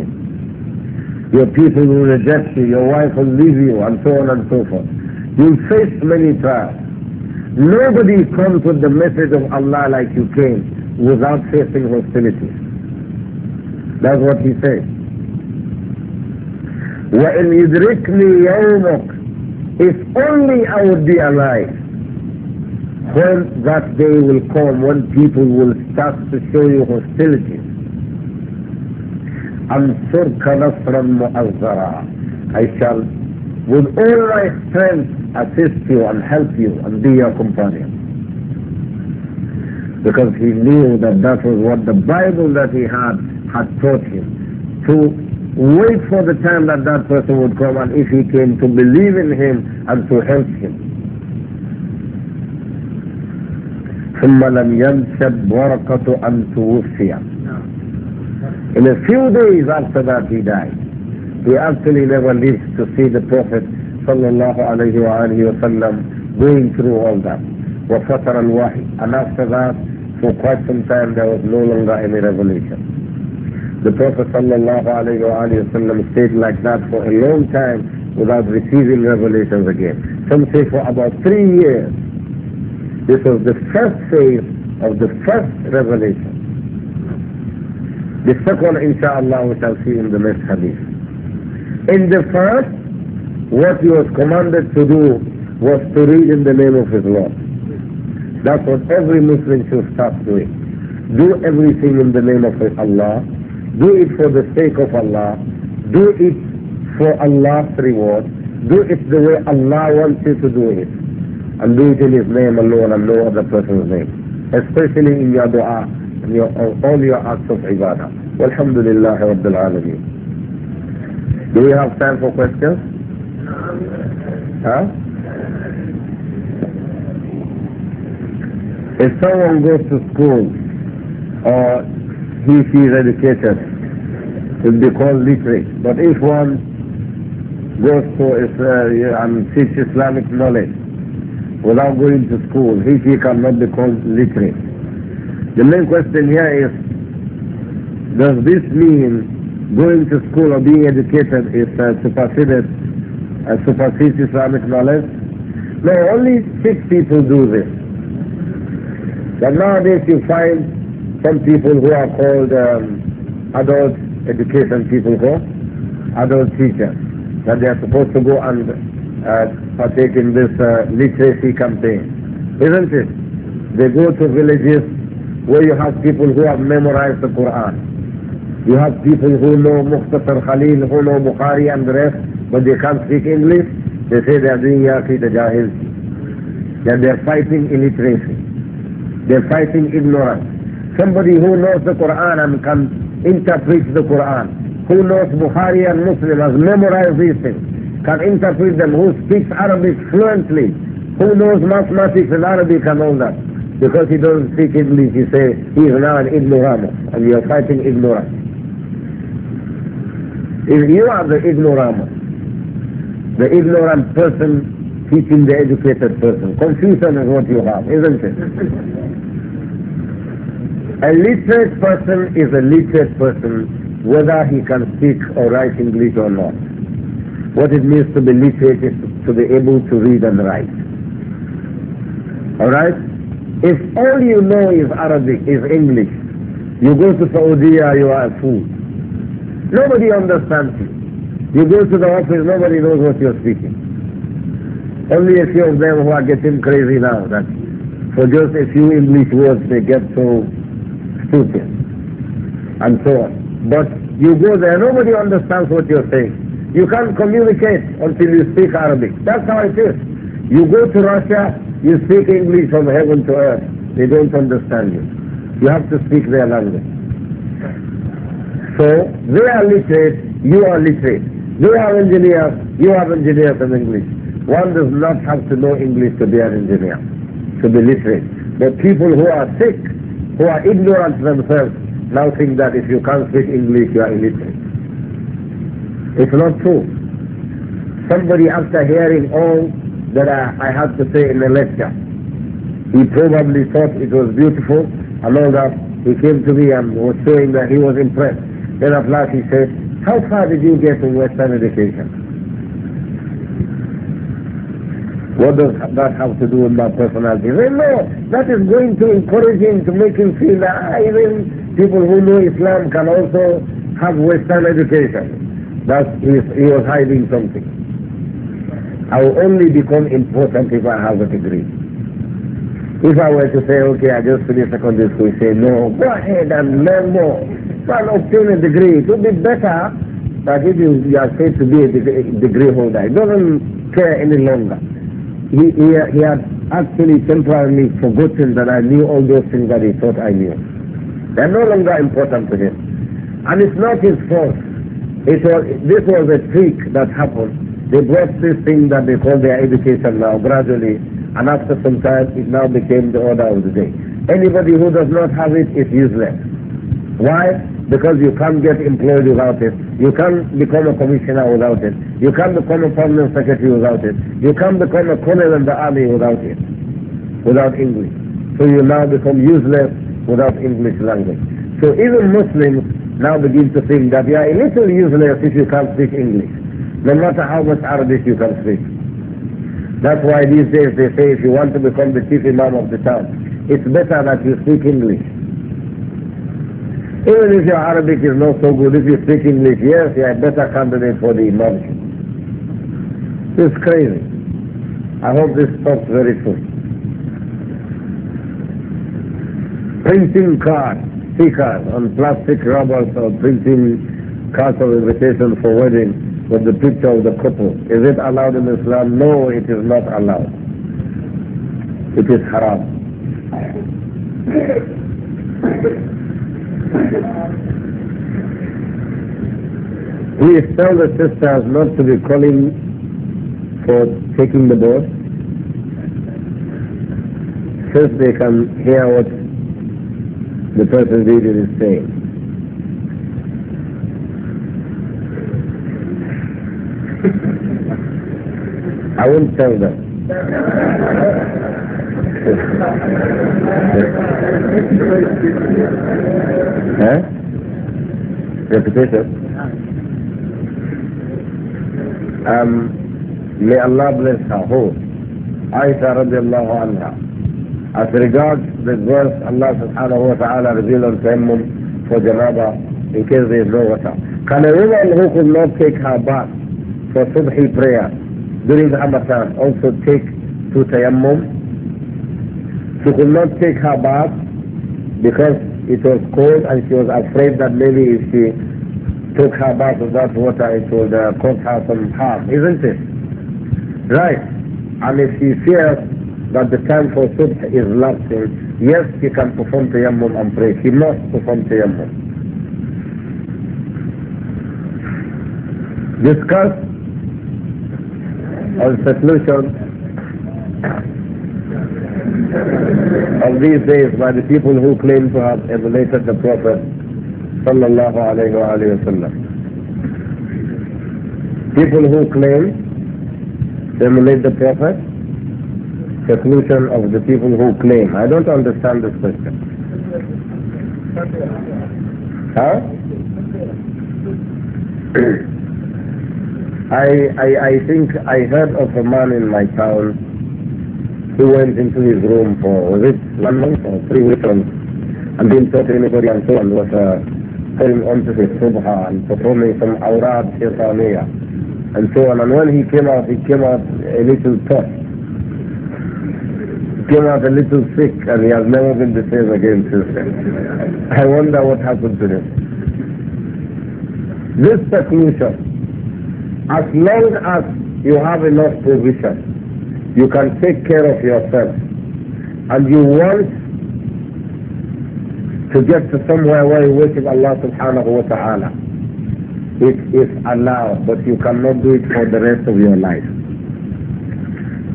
Your people will reject you, your wife will leave you, and so on and so forth you faced many trials. Nobody comes with the message of Allah like you came without facing hostility. That's what he says. وَإِنْ يُدْرِكْنِي يَوْمُكَ If only I would be alive when that day will come when people will start to show you hostility. أَنْصُرْكَ نَصْرًا مُؤَذَّرًا I shall with all my strength assist you and help you and be your companion. Because he knew that that was what the Bible that he had had taught him. To wait for the time that that person would come and if he came to believe in him and to help him. In a few days after that he died. He actually never lived to see the Prophet sallallahu alayhi wa sallam going through all that. وفتر الوحي and after that for quite some time there was no longer any revelation. The Prophet sallallahu alayhi wa sallam stayed like that for a long time without receiving revelations again. Some say for about three years. This was the first phase of the first revelation. The second, inshallah, we shall see in the next hadith. In the first, what he was commanded to do was to read in the name of his Lord. That's what every Muslim should start doing. Do everything in the name of Allah. Do it for the sake of Allah. Do it for Allah's reward. Do it the way Allah wants you to do it. And do it in His name alone and no other person's name. Especially in your dua and your, all your acts of ibadah. Walhamdulillah Rabbil Alameen. Do we have time for questions? Huh? If someone goes to school or he is educated, will be called literate. But if one goes to Israel and teaches Islamic knowledge without going to school, he, he cannot be called literate. The main question here is, does this mean going to school or being educated is uh, superseded uh, supersedes Islamic knowledge? No, only sick people do this. But nowadays you find some people who are called um, adult education people who adult teachers, that they are supposed to go and uh, partake in this uh, literacy campaign. Isn't it? They go to villages where you have people who have memorized the Quran. You have people who know Muqtasar Khalil, who know Bukhari and the rest, but they can't speak English, they say they are doing yaqi the jahil. That they are fighting illiteracy. They are fighting ignorance. Somebody who knows the Quran and can interpret the Quran, who knows Bukhari and Muslim, has memorized these things, can interpret them, who speaks Arabic fluently, who knows mathematics and Arabic and all that. Because he doesn't speak English, he say he is now an ignoramus, and you are fighting ignorance. If you are the ignoramus, the ignorant person teaching the educated person. Confusion is what you have, isn't it? A literate person is a literate person whether he can speak or write English or not. What it means to be literate is to be able to read and write. Alright? If all you know is Arabic, is English, you go to Saudi, you are a fool. Nobody understands you. You go to the office, nobody knows what you're speaking. Only a few of them who are getting crazy now that for just a few English words they get so stupid and so on. But you go there, nobody understands what you're saying. You can't communicate until you speak Arabic. That's how it is. You go to Russia, you speak English from heaven to earth. They don't understand you. You have to speak their language. So they are literate, you are literate. You are engineers, you are engineers in English. One does not have to know English to be an engineer, to be literate. But people who are sick, who are ignorant themselves, now think that if you can't speak English, you are illiterate. It's not true. Somebody after hearing all that I, I had to say in the lecture, he probably thought it was beautiful and all that. He came to me and was saying that he was impressed. Then at last he said, how far did you get in Western education? What does that have to do with my personality? Well, no, that is going to encourage him to make him feel that ah, even people who know Islam can also have Western education. That is, he was hiding something. I will only become important if I have a degree. If I were to say, okay, I just finished secondary school, say, no, go ahead and learn more to obtain a degree. It would be better that if you, you are said to be a degree, degree holder, it doesn't care any longer. He, he, he had actually temporarily forgotten that I knew all those things that he thought I knew. They're no longer important to him. And it's not his fault. It was, this was a trick that happened. They brought this thing that they call their education now gradually, and after some time it now became the order of the day. Anybody who does not have it is useless. Why? Because you can't get employed without it. You can't become a commissioner without it. You can't become a permanent secretary without it. You can't become a colonel in the army without it, without English. So you now become useless without English language. So even Muslims now begin to think that you are a little useless if you can't speak English, no matter how much Arabic you can speak. That's why these days they say if you want to become the chief imam of the town, it's better that you speak English even if your Arabic is not so good, if you speak English, yes, you are a better candidate for the Imamship. It's crazy. I hope this stops very soon. Printing cards, stickers on plastic rubbers or printing cards of invitation for wedding with the picture of the couple. Is it allowed in Islam? No, it is not allowed. It is haram. <coughs> <coughs> <coughs> Please tell the sisters not to be calling for taking the board, since they can hear what the person reading is saying. <laughs> I won't tell them. Repetition? Um, may Allah bless her whole. Aisha radiallahu anha. As regards the verse Allah subhanahu wa ta'ala revealed on Tayammum for Janaba in case there is no water. Can a woman who could not take her bath for Subhi prayer during the Ramadan also take to Tayammum? She could not take her bath because it was cold and she was afraid that maybe if she took her bath with that water it would uh, cause her some harm, isn't it? Right. And if she fears that the time for subh is lapsing, yes, she can perform tayammum and pray. She must perform tayammum. Discuss on seclusion of these days by the people who claim to have emulated the Prophet sallallahu alayhi wa People who claim to emulate the Prophet, conclusion of the people who claim. I don't understand this question. Huh? <coughs> I, I, I think I heard of a man in my town who went into his room for, was it one month or three weeks and didn't talk to anybody and so on, was uh, going on to his subha and performing some awrad shaitaniyah and so on. And when he came out, he came out a little touched. He came out a little sick and he has never been the same again since then. I wonder what happened to him. This seclusion, as long as you have enough provision, you can take care of yourself. And you want to get to somewhere where you worship Allah subhanahu wa ta'ala. It is allowed, but you cannot do it for the rest of your life.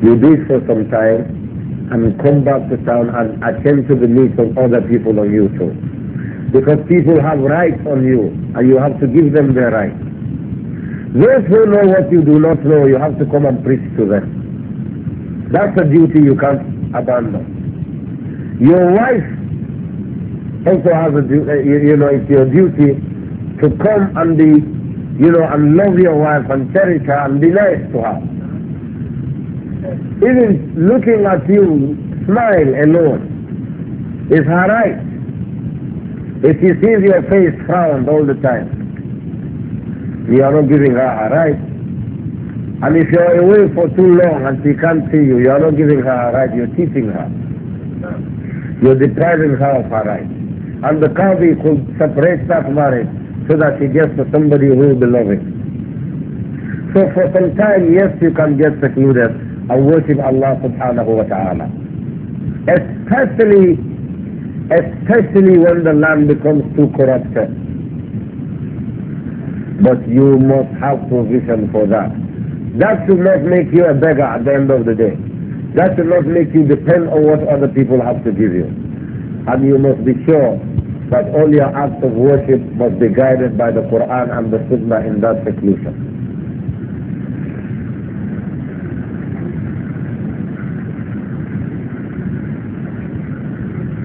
You do it for some time and come back to town and attend to the needs of other people on you too. Because people have rights on you and you have to give them their rights. Those who know what you do not know, you have to come and preach to them. That's a duty you can't abandon. Your wife also has a duty, uh, you, know, it's your duty to come and be, you know, and love your wife and cherish her and be nice to her. Even looking at you, smile alone is her right. If she sees your face frowned all the time, you are not giving her a right. And if you're away for too long and she can't see you, you're not giving her a right, you're cheating her. You're depriving her of her right. And the Qadi could separate that marriage so that she gets to somebody who will be loving. So for some time, yes, you can get secluded and worship Allah subhanahu wa ta'ala. Especially, especially when the land becomes too corrupted. But you must have provision for that. That should not make you a beggar at the end of the day. That should not make you depend on what other people have to give you. And you must be sure that all your acts of worship must be guided by the Quran and the Sunnah in that seclusion.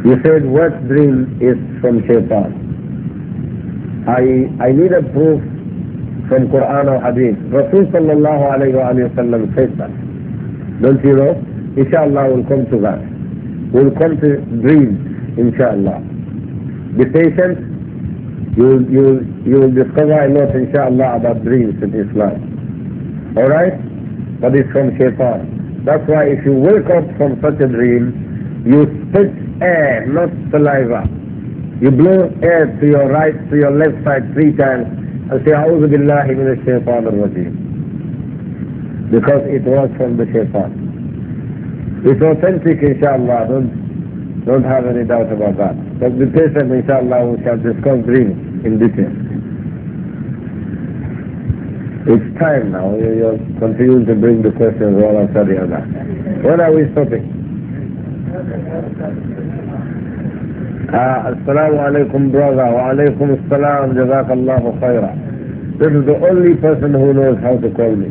You said what dream is from shaitan. I, I need a proof في القرآن or رسول صلى الله عليه وآله وسلم كيف Don't you know? Inshallah we'll come to that. We'll come to dreams, inshallah. Be patient. you you will discover a lot, inshallah, about dreams in Islam. Alright? But it's from shaitan. That's why if you wake up from such a dream, you spit air, not saliva. You blow air to your right, to your left side three times and say, A'udhu Billahi Minash Shaitan al-Rajim. Because it was from the Shaitan. It's authentic, inshallah. Don't, don't have any doubt about that. But be patient, inshallah, we shall discuss dreams in detail. It's time now. You're continuing to bring the questions all after When are we stopping? Uh, Assalamu brother, wa assalam, jazakallahu khairah. This is the only person who knows how to call me.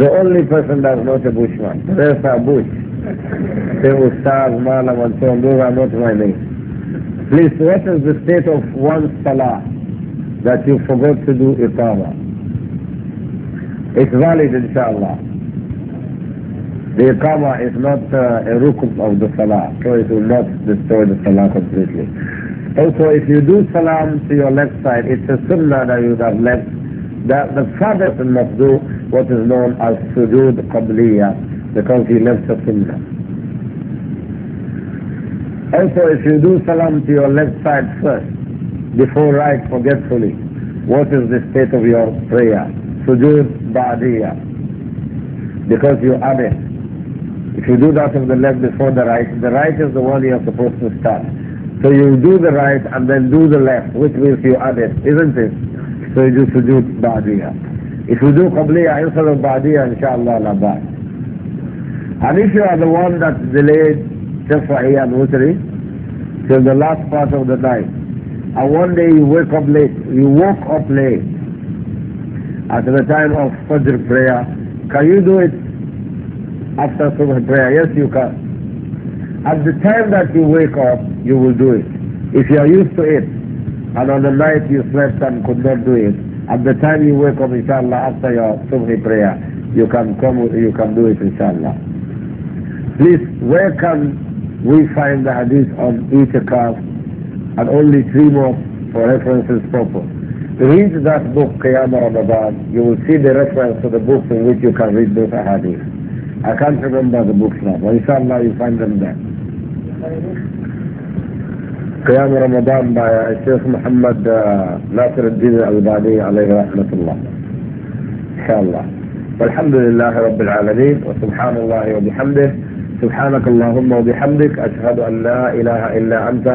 The only person that's not a bushman. The rest are bush. They ustaz, malam and so on, those are not my name. Please, what is the state of one salah that you forgot to do iqamah? It's valid inshallah. The Iqama is not uh, a rukum of the Salah, so it will not destroy the Salah completely. Also, if you do Salam to your left side, it's a Sunnah that you have left, that the father must do what is known as Sujood Qabliya, because he left the Sunnah. Also, if you do salam to your left side first, before right forgetfully, what is the state of your prayer? Sujood ba'diyah. Because you added. If you do that of the left before the right, the right is the one you are supposed to start. So you do the right and then do the left, which means you add it, isn't it? So you do sujood ba'diyah. If you do qabliyah instead of ba'diyah, inshallah, la ba And if you are the one that delayed shafa'i and wutri till the last part of the night, and one day you wake up late, you woke up late at the time of Fajr prayer, can you do it after suhur prayer. Yes, you can. At the time that you wake up, you will do it. If you are used to it, and on the night you slept and could not do it, at the time you wake up, inshallah, after your Subh prayer, you can come, you can do it, inshallah. Please, where can we find the hadith on itikaf and only three more for references purpose? Read that book, Qiyam Ramadan. You will see the reference to the books in which you can read those hadith. I can't remember the books now, but inshallah you find them there. قيام رمضان by الشيخ محمد ناصر الدين الألباني عليه رحمة الله. إن شاء الله. والحمد لله رب العالمين وسبحان الله وبحمده سبحانك اللهم وبحمدك أشهد أن لا إله إلا أنت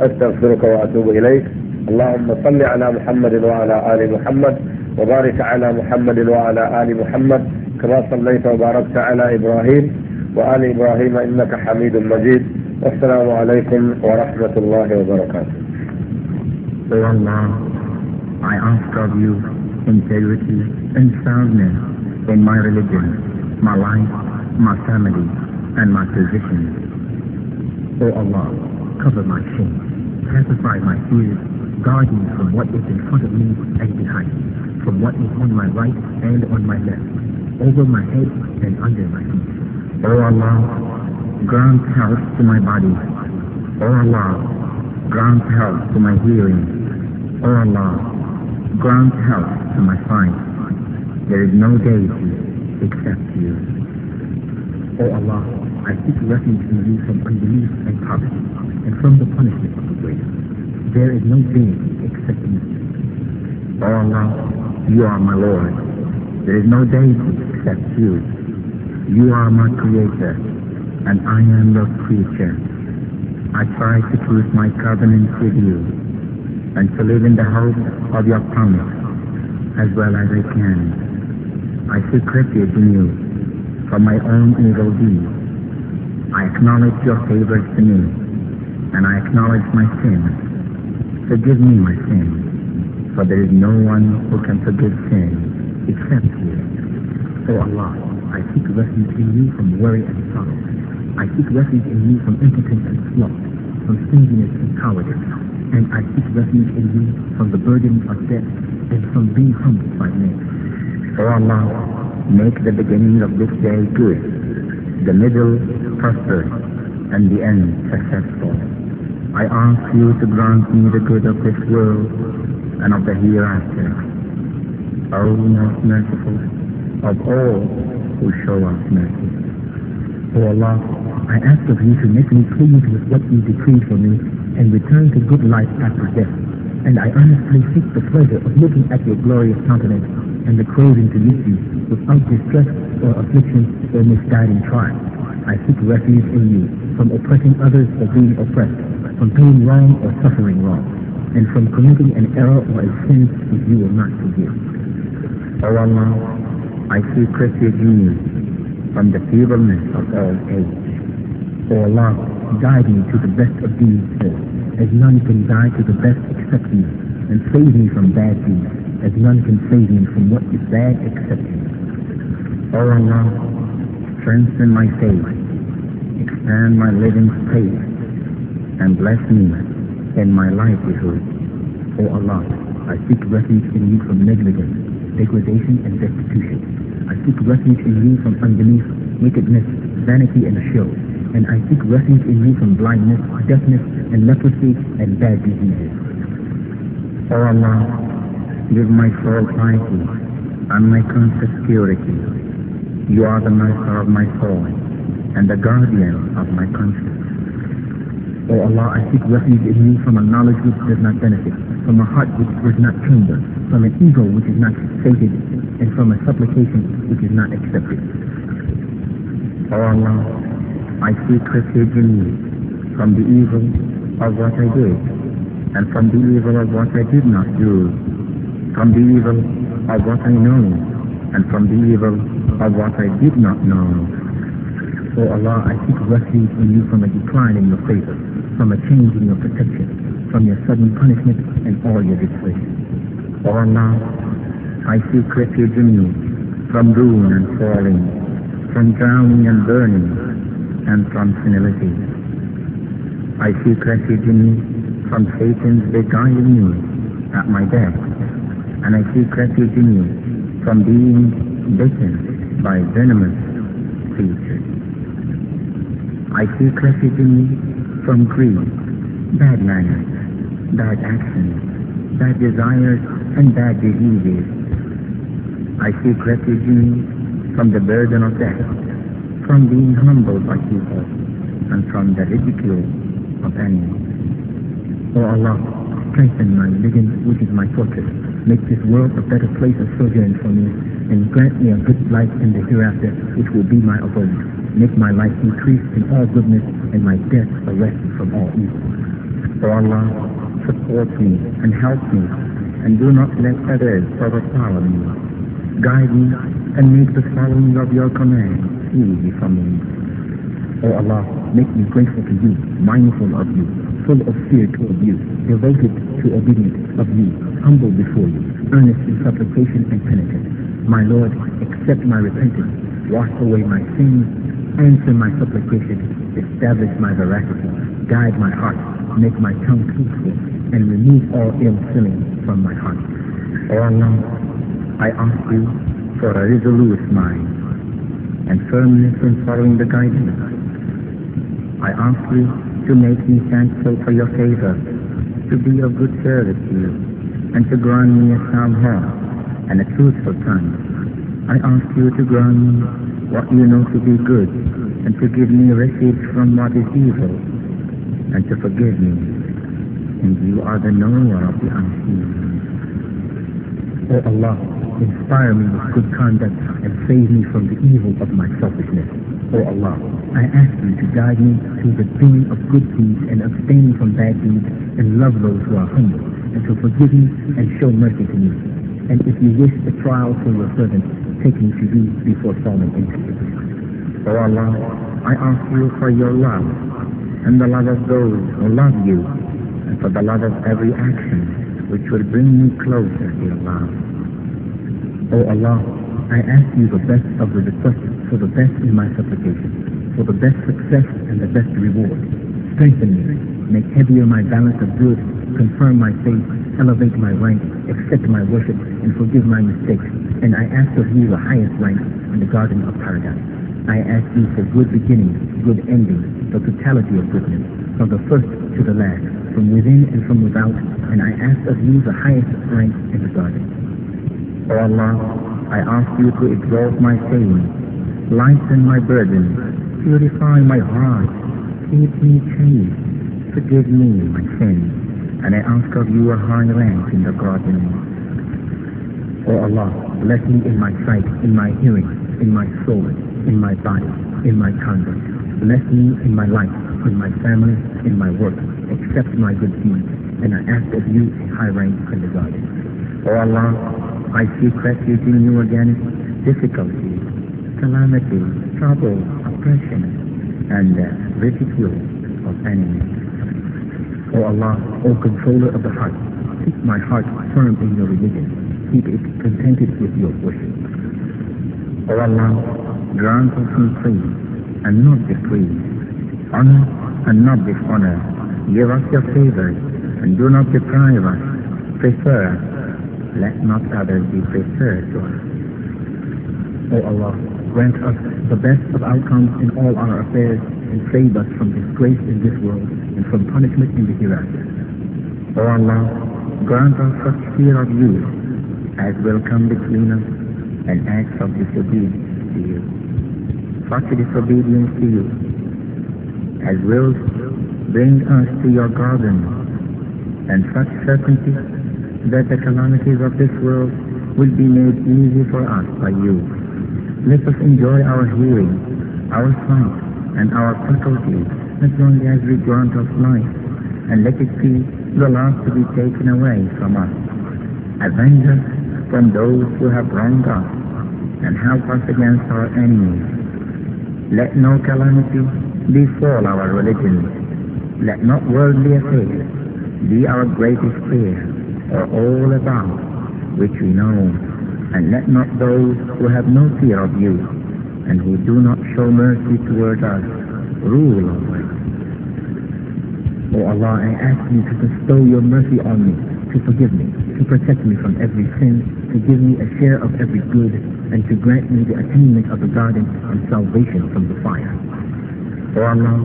أستغفرك وأتوب إليك اللهم صل على محمد وعلى آل محمد وبارك على محمد وعلى آل محمد كما صليت وباركت على إبراهيم وآل إبراهيم إنك حميد مجيد والسلام عليكم ورحمة الله وبركاته O Allah, I ask of you integrity and soundness in my religion, my life, my family, and my position. O Allah, cover my sins, pacify my fears, guard me from what is in front of me and behind me. from what is on my right and on my left, over my head and under my feet. O Allah, grant health to my body. O Allah, grant health to my hearing. O Allah, grant health to my sight. There is no deity except you. O Allah, I seek refuge in you from unbelief and poverty, and from the punishment of the grave. There is no deity except you. O Allah, you are my Lord. There is no deity except you. You are my creator, and I am your creature. I try to keep my covenant with you, and to live in the hope of your promise as well as I can. I seek refuge in you from my own evil deeds. I acknowledge your favors to me, and I acknowledge my sins. Forgive me my sins for there is no one who can forgive sins except you. O oh, Allah, I seek refuge in you from worry and sorrow. I seek refuge in you from impotence and sloth, from stinginess and cowardice. And I seek refuge in you from the burden of debt and from being humbled by men. O oh, Allah, make the beginning of this day good, the middle prosperous, and the end successful. I ask you to grant me the good of this world and of the hereafter. O most merciful of all who show us mercy. O Allah, I ask of you to make me pleased with what you decreed for me and return to good life after death. And I earnestly seek the pleasure of looking at your glorious countenance and the craving to meet you without distress or affliction or misguiding trial. I seek refuge in you from oppressing others or being oppressed, from doing wrong or suffering wrong and from committing an error or a sin which you will not forgive. O oh Allah, I seek refuge in you from the feebleness of old age. O oh Allah, guide me to the best of deeds, as none can guide to the best except you, and save me from bad deeds, as none can save me from what is bad except you. O oh Allah, strengthen my faith, expand my living space, and bless me and my livelihood. O oh Allah, I seek refuge in you from negligence, degradation, and destitution. I seek refuge in you from unbelief, wickedness, vanity, and show. And I seek refuge in you from blindness, deafness, and leprosy, and bad diseases. O oh Allah, give my soul piety and my conscience purity. You are the master of my soul and the guardian of my conscience. O Allah, I seek refuge in you from a knowledge which does not benefit, from a heart which does not tender, from an ego which is not sated, and from a supplication which is not accepted. O Allah, I seek refuge in you from the evil of what I did, and from the evil of what I did not do, from the evil of what I know, and from the evil of what I did not know. O Allah, I seek refuge in you from a decline in your favor from attaining your protection from your sudden punishment and all your disgrace. For now, I seek refuge in you from ruin and falling, from drowning and burning, and from senility. I seek refuge in you from Satan's beguiling you at my death, and I seek refuge in you from being bitten by venomous creatures. I seek refuge in you from greed, bad manners, bad actions, bad desires, and bad diseases. I seek refuge from the burden of death, from being humbled by people, and from the ridicule of enemies. O oh Allah, strengthen my religion, which is my fortress. Make this world a better place of sojourn for me, and grant me a good life in the hereafter, which will be my abode. Make my life increase in all goodness and my death a from all evil. For Allah, support me and help me and do not let others overpower me. Guide me and make the following of your command easy for me. O Allah, make me grateful to you, mindful of you, full of fear toward you, devoted to obedience of you, humble before you, earnest in supplication and penitence. My Lord, accept my repentance, wash away my sins, Answer my supplication, establish my veracity, guide my heart, make my tongue peaceful, and remove all ill feeling from my heart. O Allah, I ask you for a resolute mind and firmness in following the guidance. I ask you to make me thankful for your favor, to be of good service to you, and to grant me a sound heart and a truthful tongue. I ask you to grant me what you know to be good, and to give me refuge from what is evil, and to forgive me. And you are the knower of the unseen. O oh Allah, inspire me with good conduct and save me from the evil of my selfishness. O oh Allah, I ask you to guide me to the doing of good deeds and abstaining from bad deeds and love those who are humble and to forgive me and show mercy to me. And if you wish the trial for your servants, taken to thee before Solomon. O oh Allah, I ask you for your love and the love of those who love you and for the love of every action which will bring me closer to your love. O Allah, I ask you the best of the requests for the best in my supplication, for the best success and the best reward. Strengthen me, make heavier my balance of good, confirm my faith, elevate my rank, accept my worship, and forgive my mistakes. And I ask of you the highest rank in the garden of paradise. I ask you for good beginnings, good endings, the totality of goodness, from the first to the last, from within and from without, and I ask of you the highest rank in the garden. O Allah, I ask you to exalt my saying, lighten my burden, purify my heart, keep me chaste, forgive me my sins and I ask of you a high rank in the garden. O Allah, bless me in my sight, in my hearing, in my soul, in my body, in my conduct. Bless me in my life, in my family, in my work, accept my good deeds, and I ask of you a high rank in the garden. O Allah, I seek refuge in you against difficulties, calamities, trouble, oppression, and uh, ridicule of enemies. O Allah, O controller of the heart, keep my heart firm in your religion. Keep it contented with your worship. O Allah, grant us some praise and not dispraise, honor and not dishonor. Give us your favors and do not deprive us. Prefer, let not others be preferred to us. O Allah, grant us the best of outcomes in all our affairs and save us from disgrace in this world and from punishment in the hereafter. O Allah, grant us such fear of you as will come between us and acts of disobedience to you. Such disobedience to you as will bring us to your garden and such certainty that the calamities of this world will be made easy for us by you. Let us enjoy our hearing, our sight, and our faculties as long as we grant us life, and let it be the last to be taken away from us. Avenge us from those who have wronged us, and help us against our enemies. Let no calamity befall our religion. Let not worldly affairs be our greatest fear, or all about which we know, and let not those who have no fear of you and who do not show mercy toward us, rule over us. O Allah, I ask you to bestow your mercy on me, to forgive me, to protect me from every sin, to give me a share of every good, and to grant me the attainment of the garden and salvation from the fire. O Allah,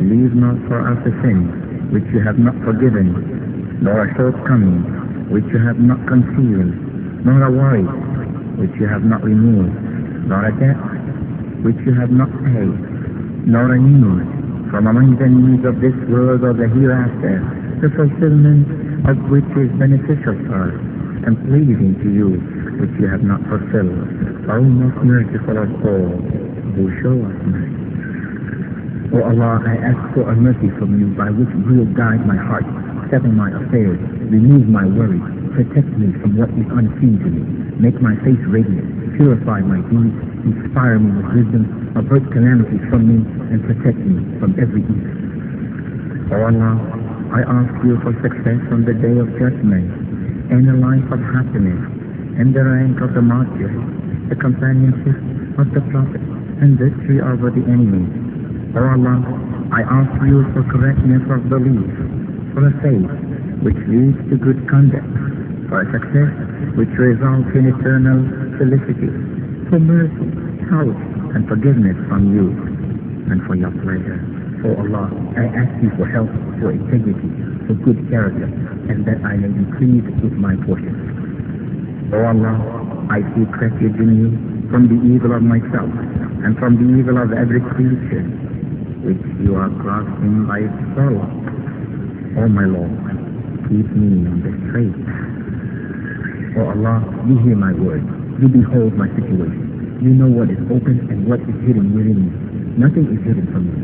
leave not for us a sin which you have not forgiven, nor a shortcoming which you have not concealed, nor a worry which you have not removed, nor a debt which you have not paid, nor a need from among the needs of this world or the hereafter, the fulfillment of which is beneficial for us and pleasing to you, which you have not fulfilled. our most merciful of all, who show us mercy. O Allah, I ask for a mercy from you by which you will guide my heart, settle my affairs, remove my worries, protect me from what is unseen to me, make my face radiant, purify my deeds, inspire me with wisdom, avert calamity from me, and protect me from every evil. O Allah, I ask you for success on the day of judgment, and a life of happiness, and the rank of the martyr, the companionship of the prophet, and victory over the enemy. O Allah, I ask you for correctness of belief, for a faith which leads to good conduct, for success which results in eternal felicity, for mercy, help, and forgiveness from you, and for your pleasure. O Allah, I ask you for help, for integrity, for good character, and that I may be pleased with my portion. O Allah, I seek refuge in you from the evil of myself and from the evil of every creature which you are grasping by its throat. O my Lord, keep me on the straight path. O Allah, you hear my words. You behold my situation. You know what is open and what is hidden within me. Nothing is hidden from you.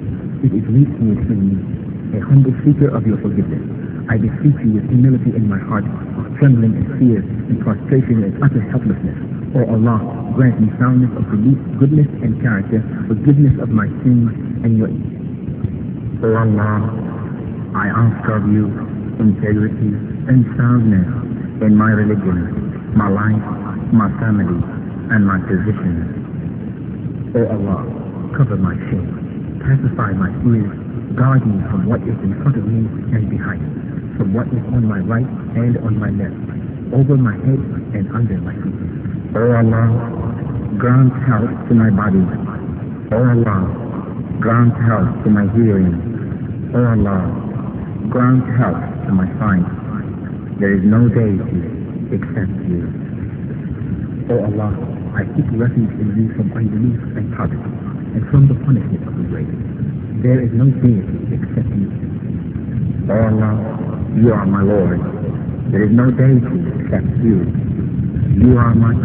It is weak to within me, a humble seeker of your forgiveness. I beseech you with humility in my heart, of trembling and fear, and prostration and utter helplessness. O Allah, grant me soundness of belief, goodness and character, forgiveness of my sins and your O Allah, I ask of you integrity and soundness in my religion, my life, my family, and my position. O Allah, cover my shame, pacify my ears, guard me from what is in front of me and behind from what is on my right and on my left, over my head and under my feet. O Allah, grant health to my body. O Allah, grant health to my hearing. O Allah, grant health to my sight. There is no deity except you. O oh Allah, I seek refuge in you from unbelief and poverty, and from the punishment of the grave. There is no deity except you. O oh Allah, you are my Lord. There is no deity except you. You are my